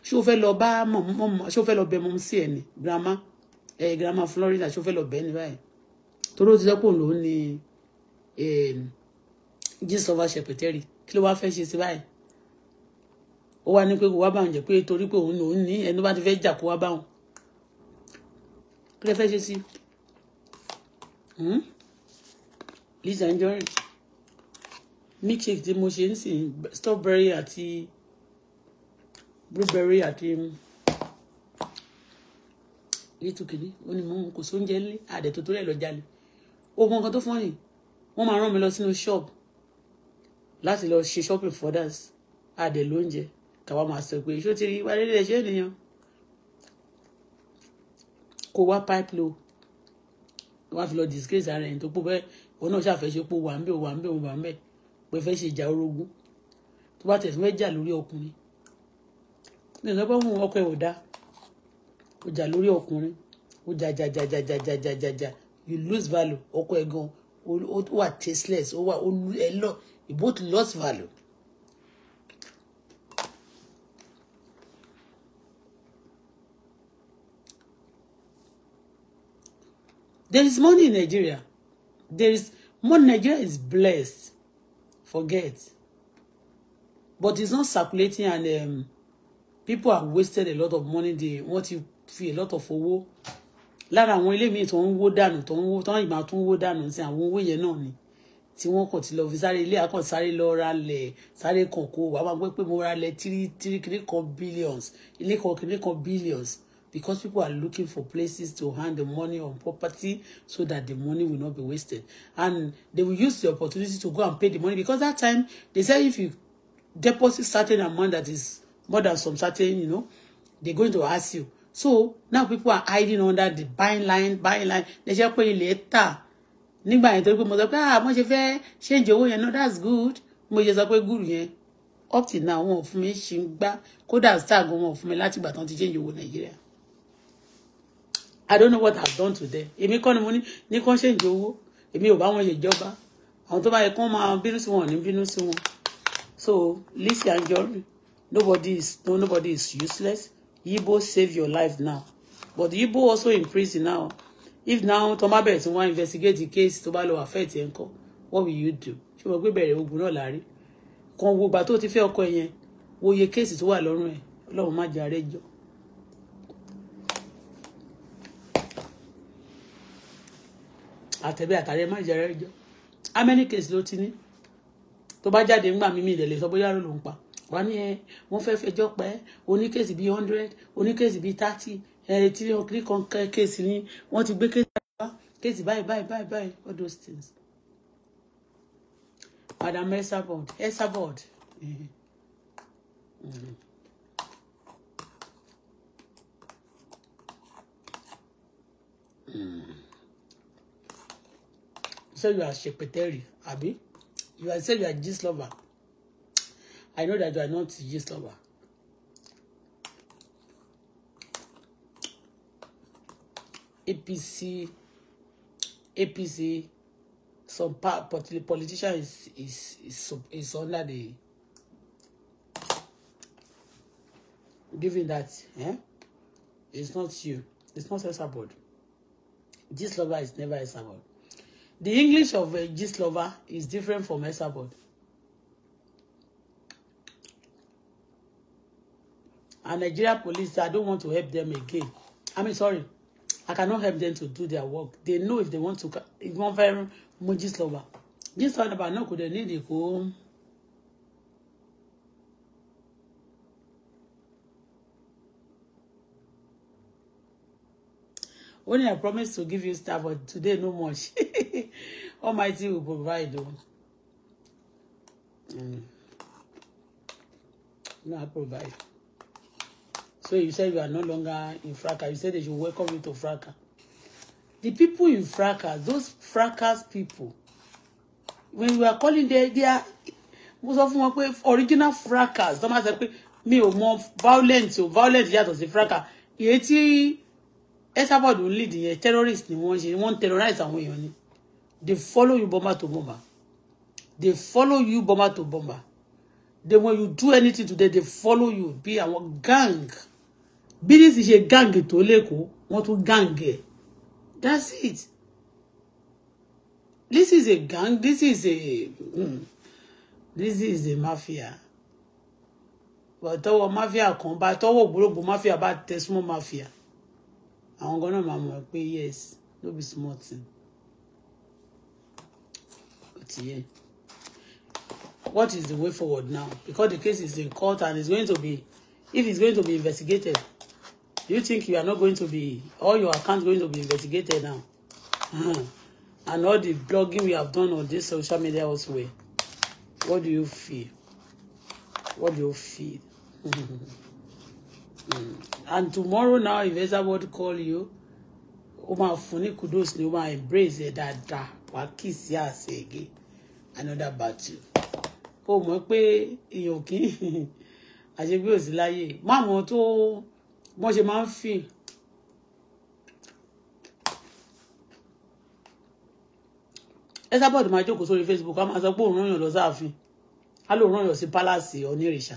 ṣó fẹ́ lọ bá mọ̀mọ́ ṣó fẹ́ lọ bẹ mọ́mú sí ẹni grandma ẹ grandma Florida ṣó fẹ́ lọ bẹ́ẹ̀ ní báyìí torí ó ti sọ pé òun lòún ní jesus over ṣèpẹtẹrì kí ló wá fẹ́ ṣe sí báyìí ó wá ní pé kó wá bá òun jẹ pé torí pé òun lòún ní ẹni bá ti fẹ́ jà kó wá bá òun kí ló fẹ́ ṣe sí hmm? Lizzy Anjorin milkshake tí mo ṣe ń sìn strawberry àti blueberry àti little kìíní ó ní mò ń kò sóúnjẹ nílé àdètò tó rẹ̀ lọ jalè ó mọ nǹkan tó fọ́nì wọ́n máa rán mi lọ sínú ṣọ́ọ̀bù láti lọ ṣe shopping for others adẹ̀ lóúnjẹ káwa máa sọ pé ṣó ti rí wá dédé ṣé nìyẹn kó wá pipe low wá fi lọ disgrace ara ẹni tó pọ̀ bẹ́ẹ̀ òun náà ṣàfẹ́ṣe pé wà ń bẹ̀ wà ń bẹ̀ wà ń bẹ̀ pé fẹ́ ṣe ìjà orogún tó bá tẹ̀sí mẹ́jà lórí ọkùnrin ní ìsọpọ̀ fún ọkọ ẹ̀ ò dá ó jà lórí ọkùnrin ó jà jà jà jà jà jà jà jà you lose value ọkọ ẹ̀ gan o, wà tasteless O, wà ó lọ You both lost value. There is money in Nigeria. There is money. Nigeria is blessed. Forget. But it's not circulating and um, people have wasted a lot of money. They want to fi a lot of owó. Lára àwọn ilé míì tó ń wó dànù tó ń wó tó ń ìgbà tó ń wó dànù sí àwọn owó yẹn náà ni tí wọ́n kàn ti lọ fi sáré ilé akàn sáré lọ ra lẹ̀ sáré kàn kó wàá máa gbé pé mo ra lẹ̀ tírí tírí kìíní kan billions ilé kan kìíní kan billions because people are looking for places to hand the money on property so that the money will not be wasted and they will use the opportunity to go and pay the money because that time they say if you deposit certain amount that is more than some certain you know they going to ask you so now people are hiding under the buying line buying line they say pé ilẹ̀ ta nígbà yẹn torí pé mo sọ pé ah mo ṣe fẹ́ ṣéǹjì owó yẹn náà that's good mo ṣe sọ pé gúrù yẹn up till now wọn ò fún mi ṣì ń gbá kódà star wọn ò fún mi láti ìgbà tán ti ṣéǹjì owó nàìjíríà i don't know what i've done to them èmi kọ́ ni mo ní ní kán ṣéǹjì owó èmi ò bá wọn yè jọba àwọn tó bá yẹ kán máa bínú sí wọn ò ní bínú sí wọn so Lizzy Anjorin nobody is no nobody is useless Yibo save your life now but Yibo also in prison now if now tó má bẹ̀rẹ̀ tí investigate the case tó bá lọ affect ẹ̀ ń what will you do ṣé mo gbé bẹ̀rẹ̀ ogun náà láàrí kan wo ìgbà tó ti fẹ́ ọkọ ẹ̀ yẹn wo iye kéèsì tó wà lọ́rùn ẹ̀ ọlọ́run má jàre jọ. àtẹ̀bẹ́ àtàrẹ má jàre jọ how many cases ló ti ní tó bá jáde ńgbà mímí ìdẹ̀lẹ̀ sọ bóyá ló ń pa wà ní ẹ wọ́n fẹ́ fẹjọ́ pẹ́ oníkèsì bíi hundred oníkèsì bíi thirty ẹ tí wọn kiri kan kéèsì ní wọn ti gbé kéèsì wá kéèsì báyìí báyìí báyìí báyìí all those things madam esabod esabod so you are sepeteri abi you are say you are gist lover i know that you are not gist lover APC, APC, some part, but the politician is is is, is under the given that eh? it's not you, it's not Esabod. This lover is never Esabod. The English of a eh, gist lover is different from Esabod. And Nigeria police, I don't want to help them again. I mean, sorry. I cannot help them to do their work. They know if they want to if wọ́n fẹ́ mú gist lọ́ba gist lọ́ba náà kò dẹ̀ ní èdè kó. Only I promise to give you stuff, but today no much. <laughs> Almighty will provide. Oh. Mm. No, provide. So you said you are no longer in fracas. You said they should welcome you to fracas. The people in fracas, those fracas people, when we are calling them, they are most of them pé original fracas. Some are pé me or more violent. o violent. Yeah, sí fracas. Èyí tí Esabod ń lead the terrorists. ni wọ́n ṣe want terrorize àwọn èèyàn ni. They follow you bomber to bomber. They follow you bomber to bomber. Then when you do anything to them, they follow you. Be àwọn gang bí ní ti ṣe gáǹgì tó lẹ́kọ̀ọ́ wọ́n tún gáǹgì ẹ̀ that's it this is a gang this is a hmm, this is a mafia tọwọ́ mafia kan bá tọwọ́ ògbólógbòó mafia bá tẹ small mafia àwọn gan náà máa mọ̀ pé yes no be small thing ó what is the way forward now because the case is in court and it's going to be if it's going to be investigated you think you are not going to be, all your accounts going to be investigated now? <laughs> And all the blogging we have done on this social media elsewhere. What do you feel? What do you feel? <laughs> Hmm. And tomorrow now, if Esther word call you, Uma máa kudos ni Uma máa embrace ẹ dáadáa wàá kì í sí àṣẹ ege another battle ó mọ̀ pé èèyàn kì í <laughs> àṣegbé òsì láyè má mọ̀ tó bó ṣe máa ń fìn Esabod máa jókòó sórí Facebook a máa sọ pé òun ràn yàn lọ sáàfin a lóun ràn yàn sí pálásì onírìṣà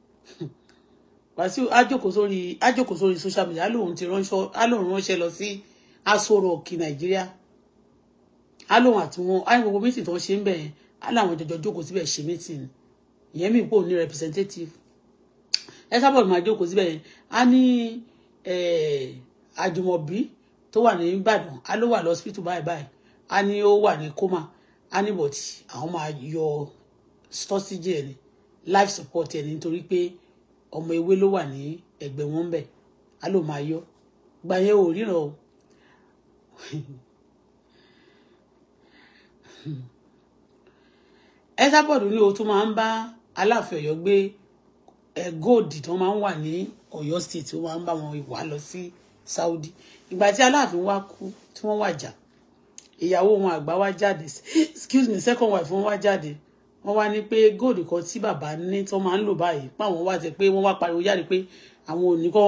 <laughs> Wàsíù a jókòó sórí a jókòó sórí social media a lóun ti ránṣọ a lóun ránṣẹ́ lọ sí Aso Rock Nàìjíríà a lóun àti wọn a gbogbo mítì tó ń ṣe ń bẹ̀ yẹn a láwọn jọjọ jókòó síbẹ̀ ṣe mítì ìyẹn mi pò ní representative ẹsàbọ̀ máa jókòó síbẹ̀ yẹn a ní àjùmọ̀bí tó wà ní ìbàdàn a ló wà lọ́sípítù báyìí báyìí a ní ó wà ní kómà a ní bọ̀tì àwọn máa yọ stọ́síjì ẹni life support ẹni nítorí pé ọmọ ewé ló wà ní ẹgbẹ́ wọn bẹ̀ a ló máa yọ gbà yẹn ò ríran o <laughs> ẹsàbọ̀dù ni o tún máa ń bá aláàfin ọ̀yọ́ gbé gold tó máa ń wà ní Ọ̀yọ́ state ó máa ń bá wọn wà lọ sí Saudi ìgbà tí Aláàfin wá kú tí wọ́n wàjà ìyàwó wọn àgbà wá jáde excuse me second wife wọn wá jáde wọ́n wá ní pé gold kan tí bàbá ní tó máa ń lò báyìí páwọn wá jẹ pé wọ́n wá pariwo jáde pé àwọn òní kọ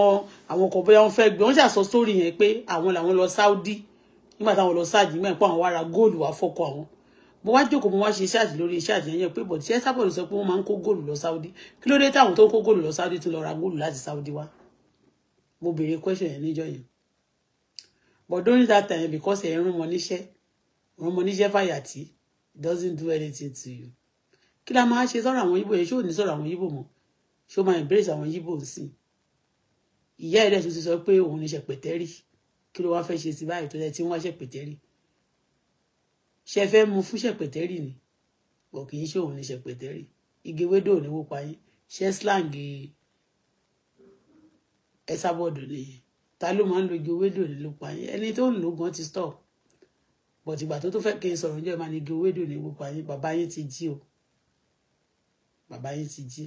àwọn kan bóyá wọ́n fẹ́ gbé wọ́n ṣàsọ sórí yẹn pé àwọn làwọn lọ Saudi nígbà táwọn lọ sáàjì nígbà pé àwọn wá ra góòlù wá fọ́kọ àwọn mo wá jókòó mo wá ṣe iṣẹ́ àti lórí iṣẹ́ àti yẹn pé bọ̀dì ṣẹ́ sábọ̀dì sọ pé wọ́n máa ń kó góòlù lọ Saudi kí ló dé táwọn tó ń kó góòlù lọ Saudi tún lọ ra góòlù láti Saudi wá mo béèrè question yẹn níjọ́ yẹn but during that time because ẹ̀ ń rún mọ níṣẹ́ rún mọ níṣẹ́ fàyàtì doesn't do anything to you kí la máa ṣe sọ̀rọ̀ àwọn yíbò yẹn ṣé ò ní sọ̀rọ̀ àwọn yíbò mọ́ ṣé ó máa embrace àwọn yíbò sí ìyá ẹ̀rẹ́ tó ti sọ pé òun ní ṣẹpẹ̀tẹ́rì kí ló wá fẹ́ ṣe sí báyìí tó yẹ tí wọ́n ṣẹpẹ̀tẹ́rì ṣe fẹ́ mu fún ṣẹ̀pẹ̀tẹ́rì ni bọ̀ kì í ṣe òun ní ṣẹ̀pẹ̀tẹ́rì igi wédò ní wó pa yín ṣe slang ẹ sábọ̀dọ̀ nìyẹn ta ló máa ń lo igi wédò ní ló pa yín ẹni tó ń lò gan ti stop bọ̀t ìgbà tó tó fẹ́ kí n sọ̀rọ̀ níjọ́ ìmáà ní igi wédò ní wó pa yín bàbá yín ti jí o bàbá yín ti jí.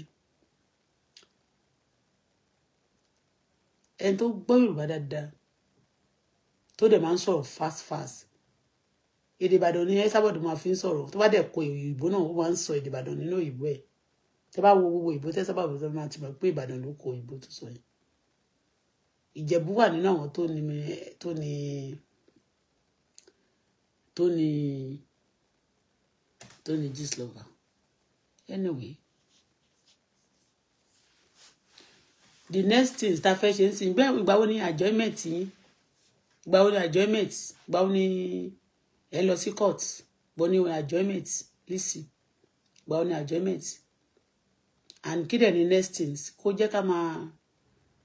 ẹni tó gbọ́ Yorùbá dáadáa tó dẹ̀ máa ń sọ̀rọ̀ fast fast èdè ìbàdàn ni Esabod máa fi ń sọ̀rọ̀ tó bá dẹ̀ kọ òyìnbó náà ó máa ń sọ èdè ìbàdàn nínú òyìnbó ẹ̀ tó bá wo gbogbo ìbò tẹ́sábà bọ̀ tó máa ti mọ̀ pé ìbàdàn ló kọ ìbò tó sọ yìí ìjẹ̀bú wà nínú àwọn tó ní tó ní tó ní tó ní gist lover anyway the next thing tá a fẹ́ ṣe ń sìn bẹ́ẹ̀ ìgbà wo ni enjoyment yín ìgbà wo ni enjoyment ìgbà wo ni ẹ lọ sí court bó ní adjournment Lisi. gba ọ ní adjournment and kí dẹ̀ ní next things kó jẹ́ ká máa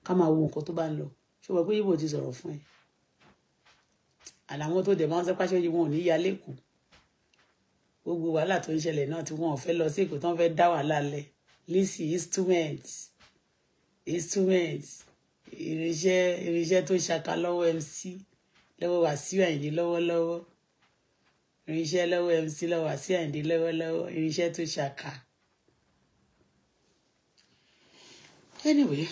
ká máa wo nǹkan tó bá ń lọ ṣùgbọ́n pé ibo ti sọ̀rọ̀ fún ẹ àlàwọn tó dẹ̀ máa ń sẹ́pá ṣe wọn ò ní ya lẹ́kọ̀ọ́ gbogbo wàhálà tó ń ṣẹlẹ̀ náà tí wọn ò fẹ́ lọ sí èkó tó ń fẹ́ dá wàhálà lẹ̀ lisi instrument instrument irinṣẹ́ irinṣẹ́ tó ṣaka lọ́wọ́ MC lọ́wọ́ Wàsíù Àyìndé lọ́wọ́lọ́wọ́ irinṣẹ́ lọ́wọ́ mc lọ́wọ́ àti àìndé lọ́wọ́lọ́wọ́ irinṣẹ́ tó ṣàkà. anyway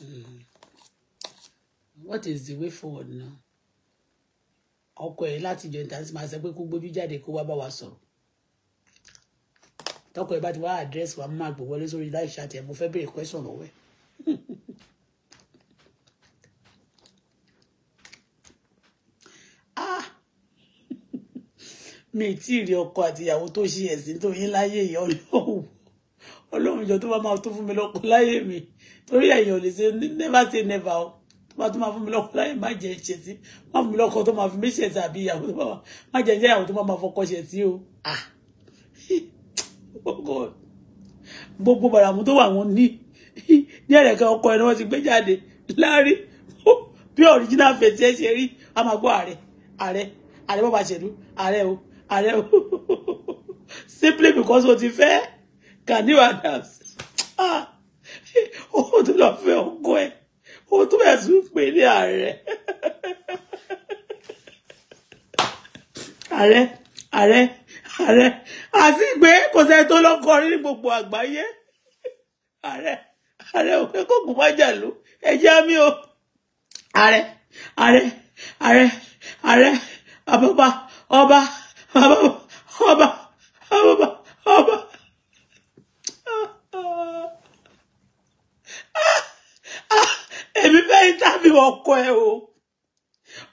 mm. what is the way forward now ọkọ ẹ láti jọ ìtàn sí máa sọ pé kó gbójú jáde kó wá bá wa sọ̀rọ̀ tọkọ ẹ bá ti wá àdírẹ́sì wa máa gbọ́ sórí láì ṣàtẹ̀ mo fẹ́ béèrè kwẹ́sọ̀n lọ́wọ́ ẹ̀. <laughs> mi tí ì rí ọkọ àti ìyàwó tó ṣe ẹ̀sìn tó yín láyé ìyá ọlọ́run ọlọ́run ìjọ tó bá máa tó fún mi lọ́kọ láyé mi torí ẹ̀yàn lè ṣe never say never o tó bá tó máa fún mi lọ́kọ láyé má jẹ́ ṣe sí má fún mi lọ́kọ tó máa fi mí ṣe tàbí ìyàwó tó máa má jẹ́ jẹ́ ìyàwó tó máa fọkọ ṣe sí o ah! <laughs> oh gbogbo bàràmù tó wà wọn ní ní ẹ̀rẹ̀kẹ́ ọkọ ẹni wọ́n ti gbé jáde láàrin <laughs> bí original fèsì ẹ ṣe rí a máa gbọ́ ààrẹ ààrẹ ààrẹ bàbá ṣèlú ààrẹ o ààrẹ simply because what you fẹ́ can you adapt? Ah, lọ fẹ́ ọkọ ẹ̀ o tún bẹ̀ tún pè ní ààrẹ ààrẹ ààrẹ ààrẹ àti pé kò sẹ́ni tó lọ́kọ rí ní gbogbo àgbáyé ààrẹ ààrẹ ò pé kò kùn go jà ló ẹ jẹ́ mi o ààrẹ ààrẹ ààrẹ ààrẹ àbọ̀bà Abba, Abba, Abba, Abba. Èmi fẹ́ interview ọkọ ẹ o.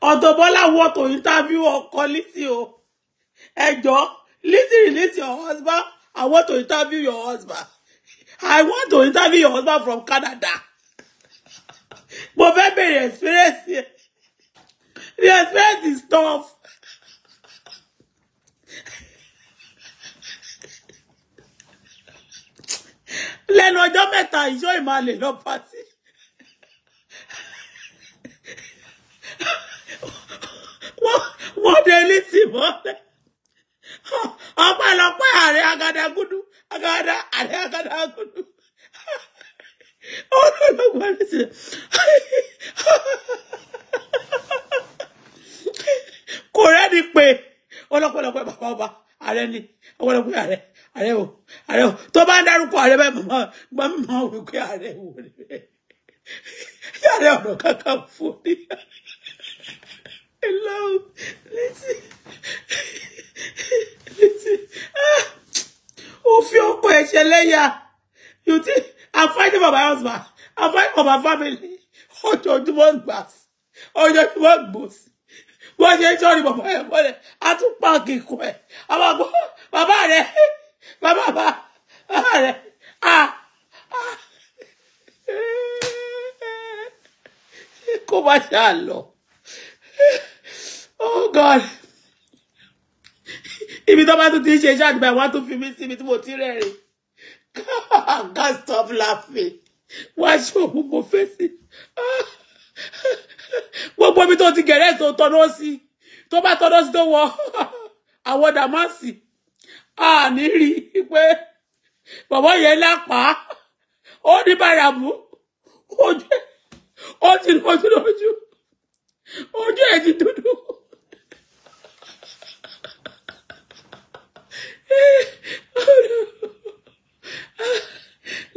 Ọ̀dọ̀ Bọ́lá wọ̀ tó interview ọkọ Lizzy o. Ẹ jọ̀ọ́, Lizzy release your husband. I want to interview your husband. I want to interview your husband from Canada. Mo fẹ́ bèrè experience yẹn. The experience is tough. lẹ́nu ọjọ́ mẹ́ta ìjọ ìmàlè lọ wọn wọ́n délé sí mọ́lẹ̀ ọpẹ́lọpẹ́ ààrẹ gudu agada ààrẹ agadagudu olólùgbà ní sí kò rẹ́ni pé ọlọ́pẹ́lọpẹ́ bàbá ọba ààrẹ ni ọpẹ́lọpẹ́ ààrẹ. ààrẹ o ààrẹ o tó bá ń dárúkọ ààrẹ bẹ́ẹ̀ màmá gbà mọ́ wípé ààrẹ wò ni ààrẹ ọ̀nà kankan fún ni hello létí létí ah, ó fi ọkọ ẹ̀ ṣe lẹ́yà you think i'm fighting for my husband i'm fighting for my family ojoojúmọ́ gbà ojoojúmọ́ gbòsì wọ́n ṣe ń sọ̀rọ̀ bàbá ẹ̀ mọ́lẹ̀ a tún pààkì kù ẹ̀ àwọn àgbọ̀ bàbá rẹ̀. My bàbá bàbá rẹ̀ ah ah Come má ṣáà oh god If you don't want to teach ṣe iṣẹ́ but ìwà tó fi mí síbi tí mo ti stop laughing wá ṣòwò mo fẹ́ sí gbogbo ibi tó ti Don't turn us. Don't turn us. Don't walk. I want àwọn dàmásì àní rí i pé bàbá yẹn lápá ó ní bàràmù ojú ó ti lójú lójú ojú ẹ̀ ti dúdú.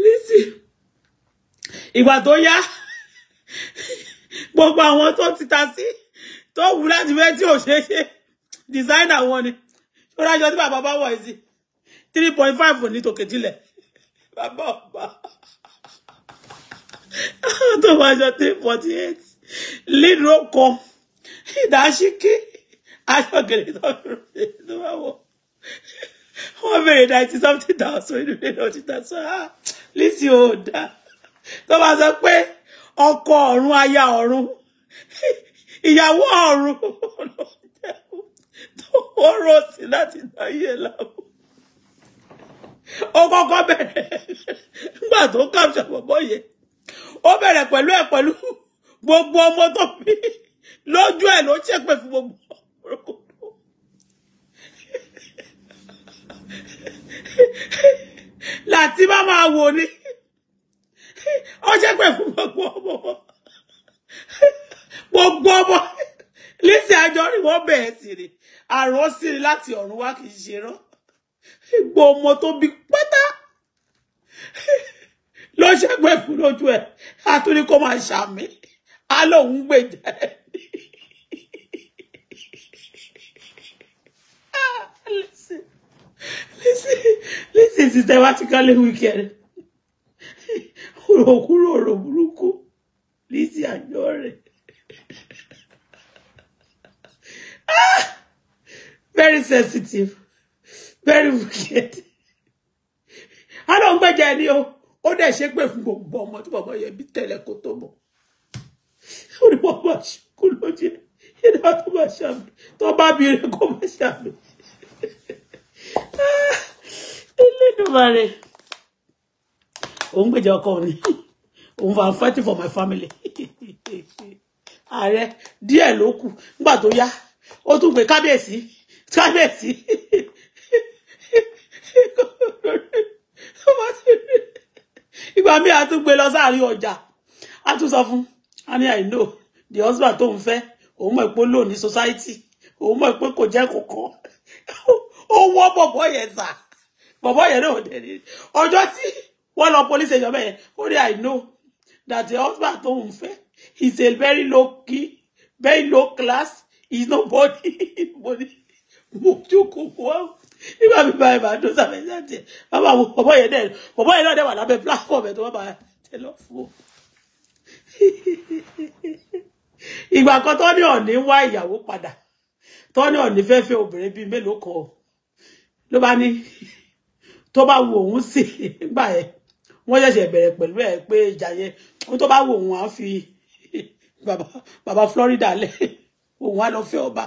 Lísì ìgbà tó yá gbogbo àwọn tó ti ta sí tó wù láti fẹ́ tí ò ṣeé ṣe dìsáínà wọn ni. Ora, rájọ tí bàbá bá wọ̀ ẹ́ sí three point five ní tòkè tilẹ̀ bàbá ọba <laughs> tó bá jọ three forty eight lídùú kan ìdásíkí aṣọ gèrè tó bá wọ̀ wọ́n bèrè ninety something thousand inú ilé náà ti ta sọ ah lisi ò dá tó bá sọ pé ọkọ aya ọ̀run <laughs> ìyàwó ọ̀run <laughs> wọ́n rọ̀ sí láti dáyé ẹ̀ láàmú ó kọ́kọ́ bẹ̀rẹ̀ nígbà tó kàmṣà bọ̀bọ̀ yẹn ó bẹ̀rẹ̀ pẹ̀lú ẹ̀ pẹ̀lú gbogbo ọmọ tó bí lójú ẹ̀ ló ṣépè fún gbogbo ọmọ láti má máa wò ni ó ṣépè fún gbogbo ọmọ gbogbo ọmọ lísì àjọrí wọn bẹ̀ẹ́ sí ni àrán sí ni láti ọ̀run wá kì í ṣe rán gbogbo ọmọ tó bí pátá ló ṣẹ́gbẹ́ fún lójú ẹ̀ àtúndí kó máa ṣàmì á lóun gbèjà ẹ̀. Listen, listen, listen, sister Watikale Weekend. Orokuro oro burúkú, Lizzie Anjore. very sensitive very wicked i ló ń gbẹjà o ó dẹ̀ ṣe fún ọmọ tí bàbá yẹn bí tẹ́lẹ̀ kó tó bọ̀ ó ní bàbá ṣùkú lójú ìdá tó bá ṣàmì tó bá bí rẹ kó má ṣàmì Elédùmarè òun fighting for my family ààrẹ díẹ̀ ló kù nígbà tó yá ó kábíyèsí ìgbà mi àtúgbé lọ sáàrin ọjà a tún sọ fún a ní àìlò the husband tó ń fẹ́ òun mọ̀ pé ó lò society òun mọ̀ pé kò jẹ́ kọ̀ọ̀kan ó wọ́ bọ̀bọ̀ yẹn sà bọ̀bọ̀ yẹn náà dẹ̀ ní ọjọ́ tí wọ́n lọ police ẹ̀jọ̀ bẹ́ẹ̀ ó ní àìlò that the husband tó ń fẹ́ is a very low key very low class is nobody. <laughs> mo jókòó kó wá nígbà mi bá ìbá dó sábẹ́ jáde bàbá wo bọ̀bọ̀ yẹn dẹ̀ bọ̀bọ̀ yẹn náà dẹ̀ wà lábẹ́ platform ẹ̀ tó bàbá tẹ lọ fún ìgbà kan tó ní ọ̀ní wá ìyàwó padà tó ní ọ̀ní fẹ́ fẹ́ obìnrin bíi mélòó kan ló bá ní tó bá wo òun sí nígbà yẹn wọ́n ṣẹ̀ṣẹ̀ bẹ̀rẹ̀ pẹ̀lú ẹ̀ pé ìjà yẹn ohun tó bá wo òun á fi bàbá Florida lẹ̀ òun á lọ fẹ́ ọba.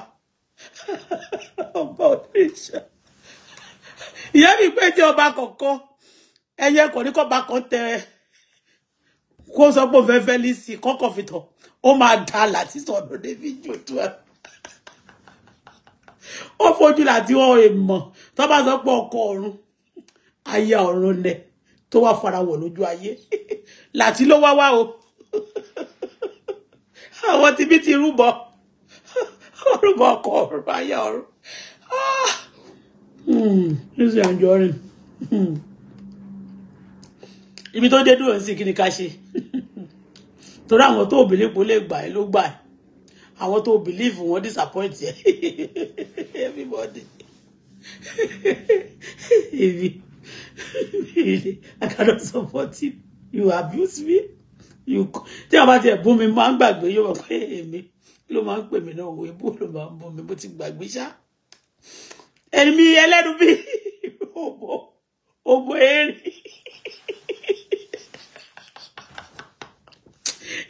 <laughs> ọba òrìṣà ìyá mi pé tí ọba kọ̀ọ̀kan ẹyẹ kò ní kọ́ba kan tẹ kó sọ pé òfẹ́ fẹ́ lì sí kọ́kọ́ fi tàn ó máa da láti sọ̀rọ̀ débi jòtú ẹ̀ ó fojú láti wọ́n èèmọ̀ tó bá sọ pé ọkọ ọ̀run aya ọ̀run nẹ̀ tó wá farawọ̀ lójú ayé <laughs> láti ló wá wá o <laughs> àwọn tibí ti rúbọ ọrùn bá ọkọ ọrùn bá yá ọrùn Lizzy Anjorin ibi tó dé dúró ń sìn kí ni ká ṣe <laughs> torí àwọn tó bìlíf lè gbà ẹ ló gbà ẹ àwọn believe bìlíf wọn disappoint ẹ <laughs> everybody <laughs> èmi I cannot support you you abuse me you tí a bá tiẹ̀ bú mi máa ń gbàgbé yóò wọ pé kí ló máa ń pè mí náà òwe bó ló máa ń bọ mi bó ti gbàgbé ṣá ẹ̀mí ẹlẹ́nu bí ògbó <laughs> ògbó erin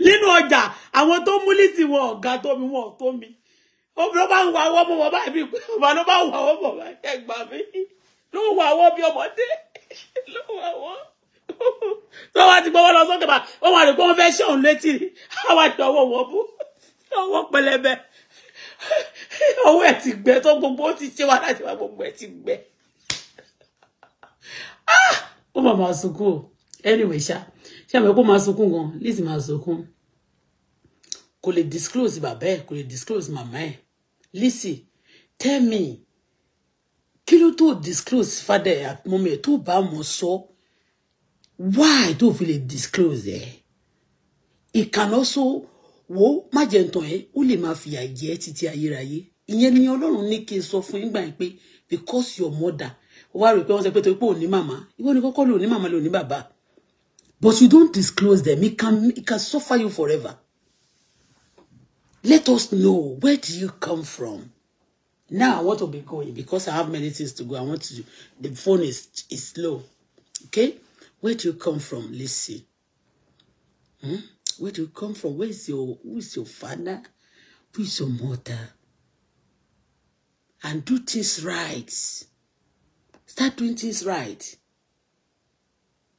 nínú ọjà àwọn tó mú lítì wọn ọ̀gá tó mi wọn tó mi obìnrin bá ń wà wọ́n mọ́ wọn báyìí bí pé ọba ló bá ń wà wọ́n mọ́ wọn ẹgbà mi ló ń wà wọ́n bí ọmọdé ló ń wà wọ́n tó ti gbọ́ wọn lọ sókè bá wọn wà ní pé wọ́n fẹ́ ṣe òun létí àwọn àjọwọ́ wọn bú ọwọ́ pẹlẹbẹ ọwọ́ ẹ̀ ti gbẹ tó gbogbo ó ti ṣe wá láti wá gbogbo ẹ̀ ti gbẹ ah! ó mà máa sunkún anyway ṣá ṣàmì kó máa sunkún gan Lizzy máa sunkún kò lè disclose bàbá ẹ̀ kò lè disclose màmá ẹ̀ Lizzy tell me kí ló tó disclose father ẹ̀ àti mọ́mí ẹ̀ tó bá mọ̀ sọ why tó fi lè disclose ẹ̀ it can also wo má jẹ́ ntàn ẹ́ ó lè máa fìyà jẹ ẹ́ títí ayérayé ìyẹn ni ọlọ́run ní kí n sọ fún yín gbà yín pé because your mother wá rò pé wọ́n sọ pé torí pé òní màmá ìwọ ni kọ́kọ́ lò ní màmá lò ní bàbá but you don't disclose them it can it can suffer you forever let us know where do you come from now i want to be going because i have many things to go i want to the phone is is slow okay where do you come from listen hmm? Where do you come from? Where is your who is your father? Who is your mother? And do things right. Start doing things right.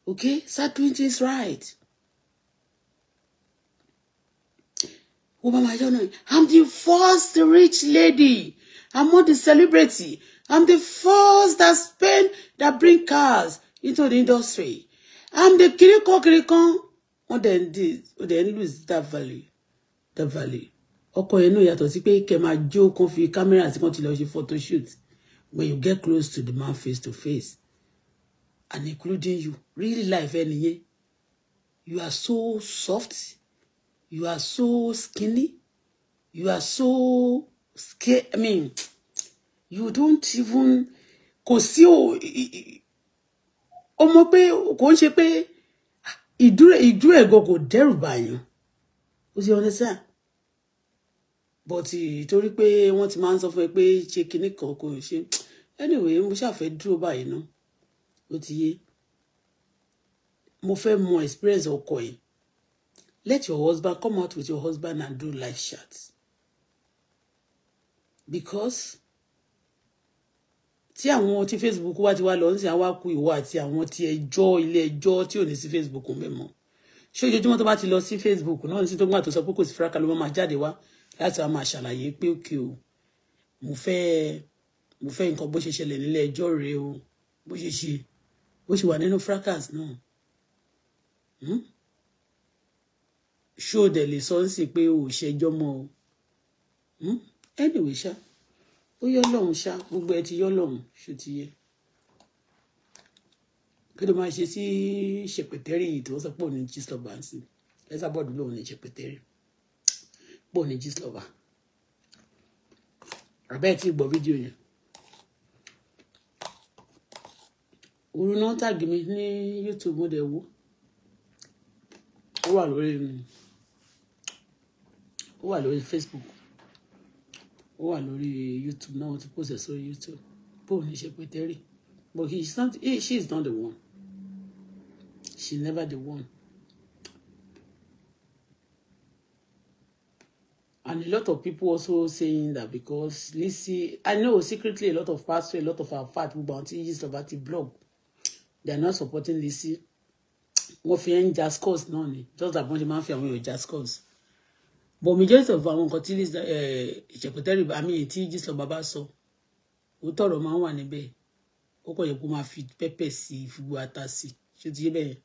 Okay? Start doing things right. I'm the first rich lady. I'm not the celebrity. I'm the first that spend that bring cars into the industry. I'm the kiriko kirikon wọ́n dẹ̀ ń dì ó dẹ̀ ń lose that value that value ọkọ yẹn náà yàtọ̀ sí pé kẹ máa jó kan fi kámẹ́rà tí wọ́n ti lọ ṣe photoshoot when you get close to the man face to face and including you really life ẹ nìyẹn you are so soft you are so skinny you are so scared i mean you don't even kò sí o ọmọ pé kò ń ṣe pé ìdúró ẹ̀gọ́ kò dẹ́rù bàyàn ó sì understand but torí pé wọ́n ti máa ń sọ fún ẹ pé ṣe kinní kan kò ṣe anyway mo ṣàfẹ́ dúró báyìí ná ó ti yé mo fẹ́ mọ experience ọkọ yìí let your husband come out with your husband and do live chat because tí àwọn tí Facebook wá ti wá lọ nísìnyí wá ku ìwọ àti àwọn ti ẹjọ́ ilé ẹjọ́ tí ò ní sí Facebook mẹ́mọ́ ṣé ojoojúmọ́ tó bá ti lọ sí Facebook náà ní sí tó gbà tó sọ pé kò sí fúrákà ló máa jáde wá láti wá máa ṣàlàyé pé òkè o mo fẹ́ mo fẹ́ nǹkan bó ṣe ṣẹlẹ̀ nílé ẹjọ́ rèé o bó ṣe ṣe bó ṣe wà nínú fracas náà hmm? ṣó dẹ̀ lè sọ ń pé o ò ṣẹjọ́ mọ́ o hmm? anyway ṣáá ó yọ lọ́hùn ṣá gbogbo ẹ ti yọ lọ́hùn ṣó ti yẹ kí ló máa ṣe sí ṣèpẹtẹrì yìí tí wọ́n sọ pé òun ní gíslọba ń sìn lẹsàbọọdù lòun ní ṣèpẹtẹrì pé òun ní gíslọba àbẹ́ẹ̀ tí gbọ́ fídíò yẹn òru náà tàgì mi ní YouTube mo dẹ̀ wò ó wà lórí ó wà lórí Facebook ó wà lórí youtube náà wọ́n ti post ẹ̀ sórí youtube bóun ní ṣe pétérì but he is not he, she is not the one she never the one and a lot of people also saying that because Lizzy i know secretly a lot of past a lot of our fat gbogbo àwọn tí yíyí sọba blog they are not supporting Lizzy wọ́n fi ń jazz cause náà ni just like wọ́n ṣe máa ń fi àwọn èèyàn jazz cause but majority of àwọn nǹkan tí eh, ìjẹ̀pẹ̀tẹ́rì àmì tí jísọ̀ bàbá sọ ó tọrọ máa ń wà níbẹ̀ ó kọ̀ yẹ kó máa fi pẹ́pẹ́ sí i fi gbó ata sí i ṣé ti yé bẹ́ẹ̀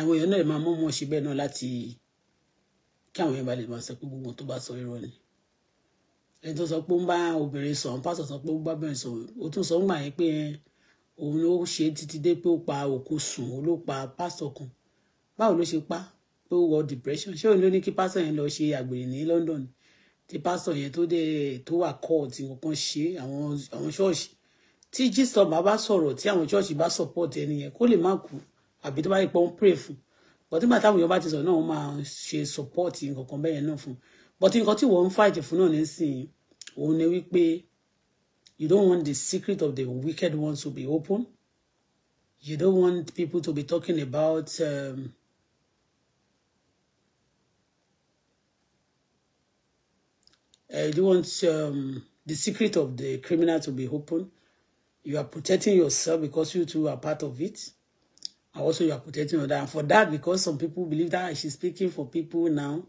àwọn èèyàn náà lè máa mọ́ mọ́ ṣe bẹ́ẹ̀ náà láti kí àwọn èèyàn bá lè máa sọ pé gbogbo tó bá sọ irọ́ ni ẹni tó sọ pé ó ń bá obìnrin sọ̀rọ̀ pásọ̀ sọ pé ó ń bá obìnrin sọ̀rọ̀ ó tún sọ ń gbà yẹn pé òun ló ṣe títí dé pé ó pa òkú sùn ó ló pa pásọ̀ kan báwo ló ṣe pa ló wọ depression ṣé òun ló ní kí pásọ yẹn lọ ṣe àgbèrè ní London tí pásọ yẹn tó dé tó wà kọ́ọ̀tì wọn kan ṣe àwọn àwọn ṣọ́ọ̀ṣì tí jesus bá bá sọ̀rọ̀ tí àwọn ṣọ́ọ̀ṣì bá support ẹni yẹn kó lè má kú àbí tó bá yẹ pé wọ́n pray fún but nígbà táwọn èèyàn bá ti sọ náà wọ́n máa ṣe support nǹkan kan bẹ́ẹ̀ náà fún but nǹkan tí wọ́n ń fight fún náà nísìnyí òun ni wípé you don't want the secret of the wicked ones to be open you don't want people to be talking about. Um, uh, you want um, the secret of the criminal to be open. You are protecting yourself because you too are part of it. And also you are protecting other. And for that, because some people believe that she's speaking for people now,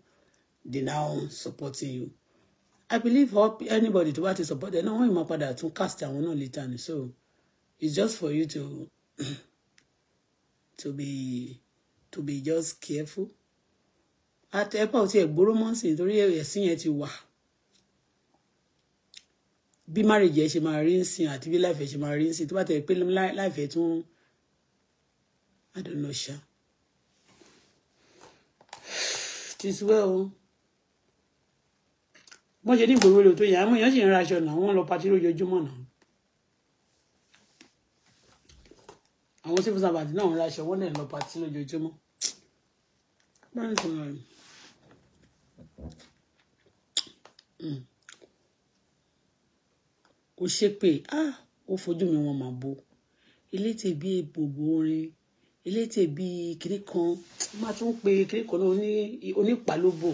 they now supporting you. I believe up anybody to what is support. They don't want my father to cast and one later. So it's just for you to to be to be just careful. At airport, you're a borrow months in three years, you're bí marriage ẹ ṣe máa rí ń sìn àti bí life ẹ ṣe máa rí ń sìn tó bá tẹ̀ pé life ẹ tún I don't know ṣá. tis well o wọ́n ṣe ní ìgbòho lò tó yà á mú èèyàn sì ń raṣọ náà wọ́n lọ patí lójoojúmọ́ náà àwọn civil servant náà ń raṣọ wọ́n náà lọ patí lójoojúmọ́. Mm ó ṣépè ah ó fojú mi wọn mà bo elétè bí gbogbo orin elétè bí kiri kan ó máa tún pe kiri kan náà onípàlóbò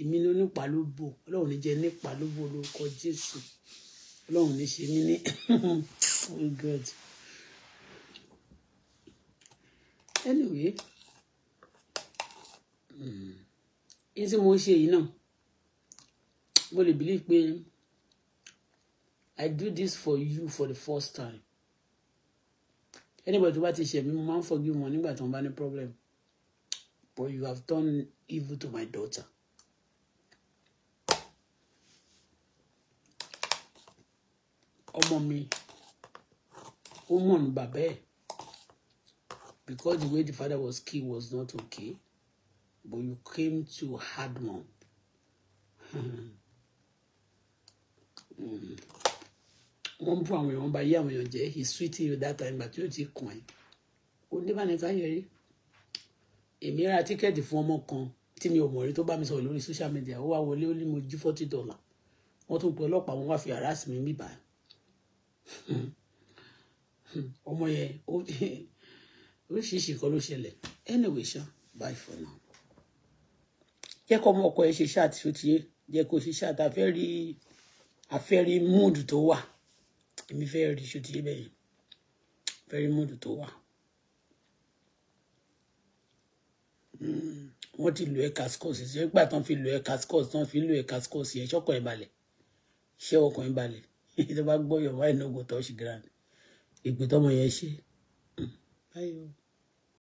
èmi ní onípàlóbò ọlọ́run ní jẹ́ nípàlóbò lórúkọ jésù ọlọ́run ní ṣe mí ní <coughs> oh good anyway hmm, ní tí mo ṣe yìí náà mo lè believe pé. I do this for you for the first time. Anybody tó is ti ṣe forgive me. nígbà tí any problem but you have done evil to my daughter. Oh, mommy, oh, mọ̀ ní because the way the father was killed was not okay but you came to hard one. <laughs> mm wọ́n bú àwọn èèyàn bá yé àwọn èèyàn jẹ́ he sweet you that time but yóò ti kàn ẹ́ kò ní báni ká yẹrí èmi ra tíkẹ́ẹ̀tì fún ọmọ kan tí mi ò mọ̀ rí tó bá mi sọ̀rọ̀ lórí social media ó wá wọlé ó ní mo jí forty dollar wọ́n tún pe ọlọ́pàá wọn wá fi harass mi bíbá <laughs> ọmọ yẹn oríṣiríṣi kan ló ṣẹlẹ̀ anyway ṣá bye for now jẹ́ kọ́ ọmọ ọkọ ẹ ṣe ṣáà tí ó ti yé jẹ́ kó ṣe ṣáà tá a fẹ́ rí a fẹ́ rí mood tó wà èmi fẹ́ rí iṣu tí bẹ́ẹ̀ yẹn fẹ́rí múdù tó wà hmm, wọ́n ti lu ẹ̀ka scores ṣe nígbà tán fi lu ẹ̀ka scores tán fi lu ẹ̀ka scores yẹn ṣọ́kọ̀ ẹ̀ balẹ̀ ṣé ọkọ̀ ẹ̀ balẹ̀ ìjọba <laughs> gbọ́ yọ̀ wáyé nógo touch ground ìpè tọmọ yẹn ṣe hmm, báyìí o.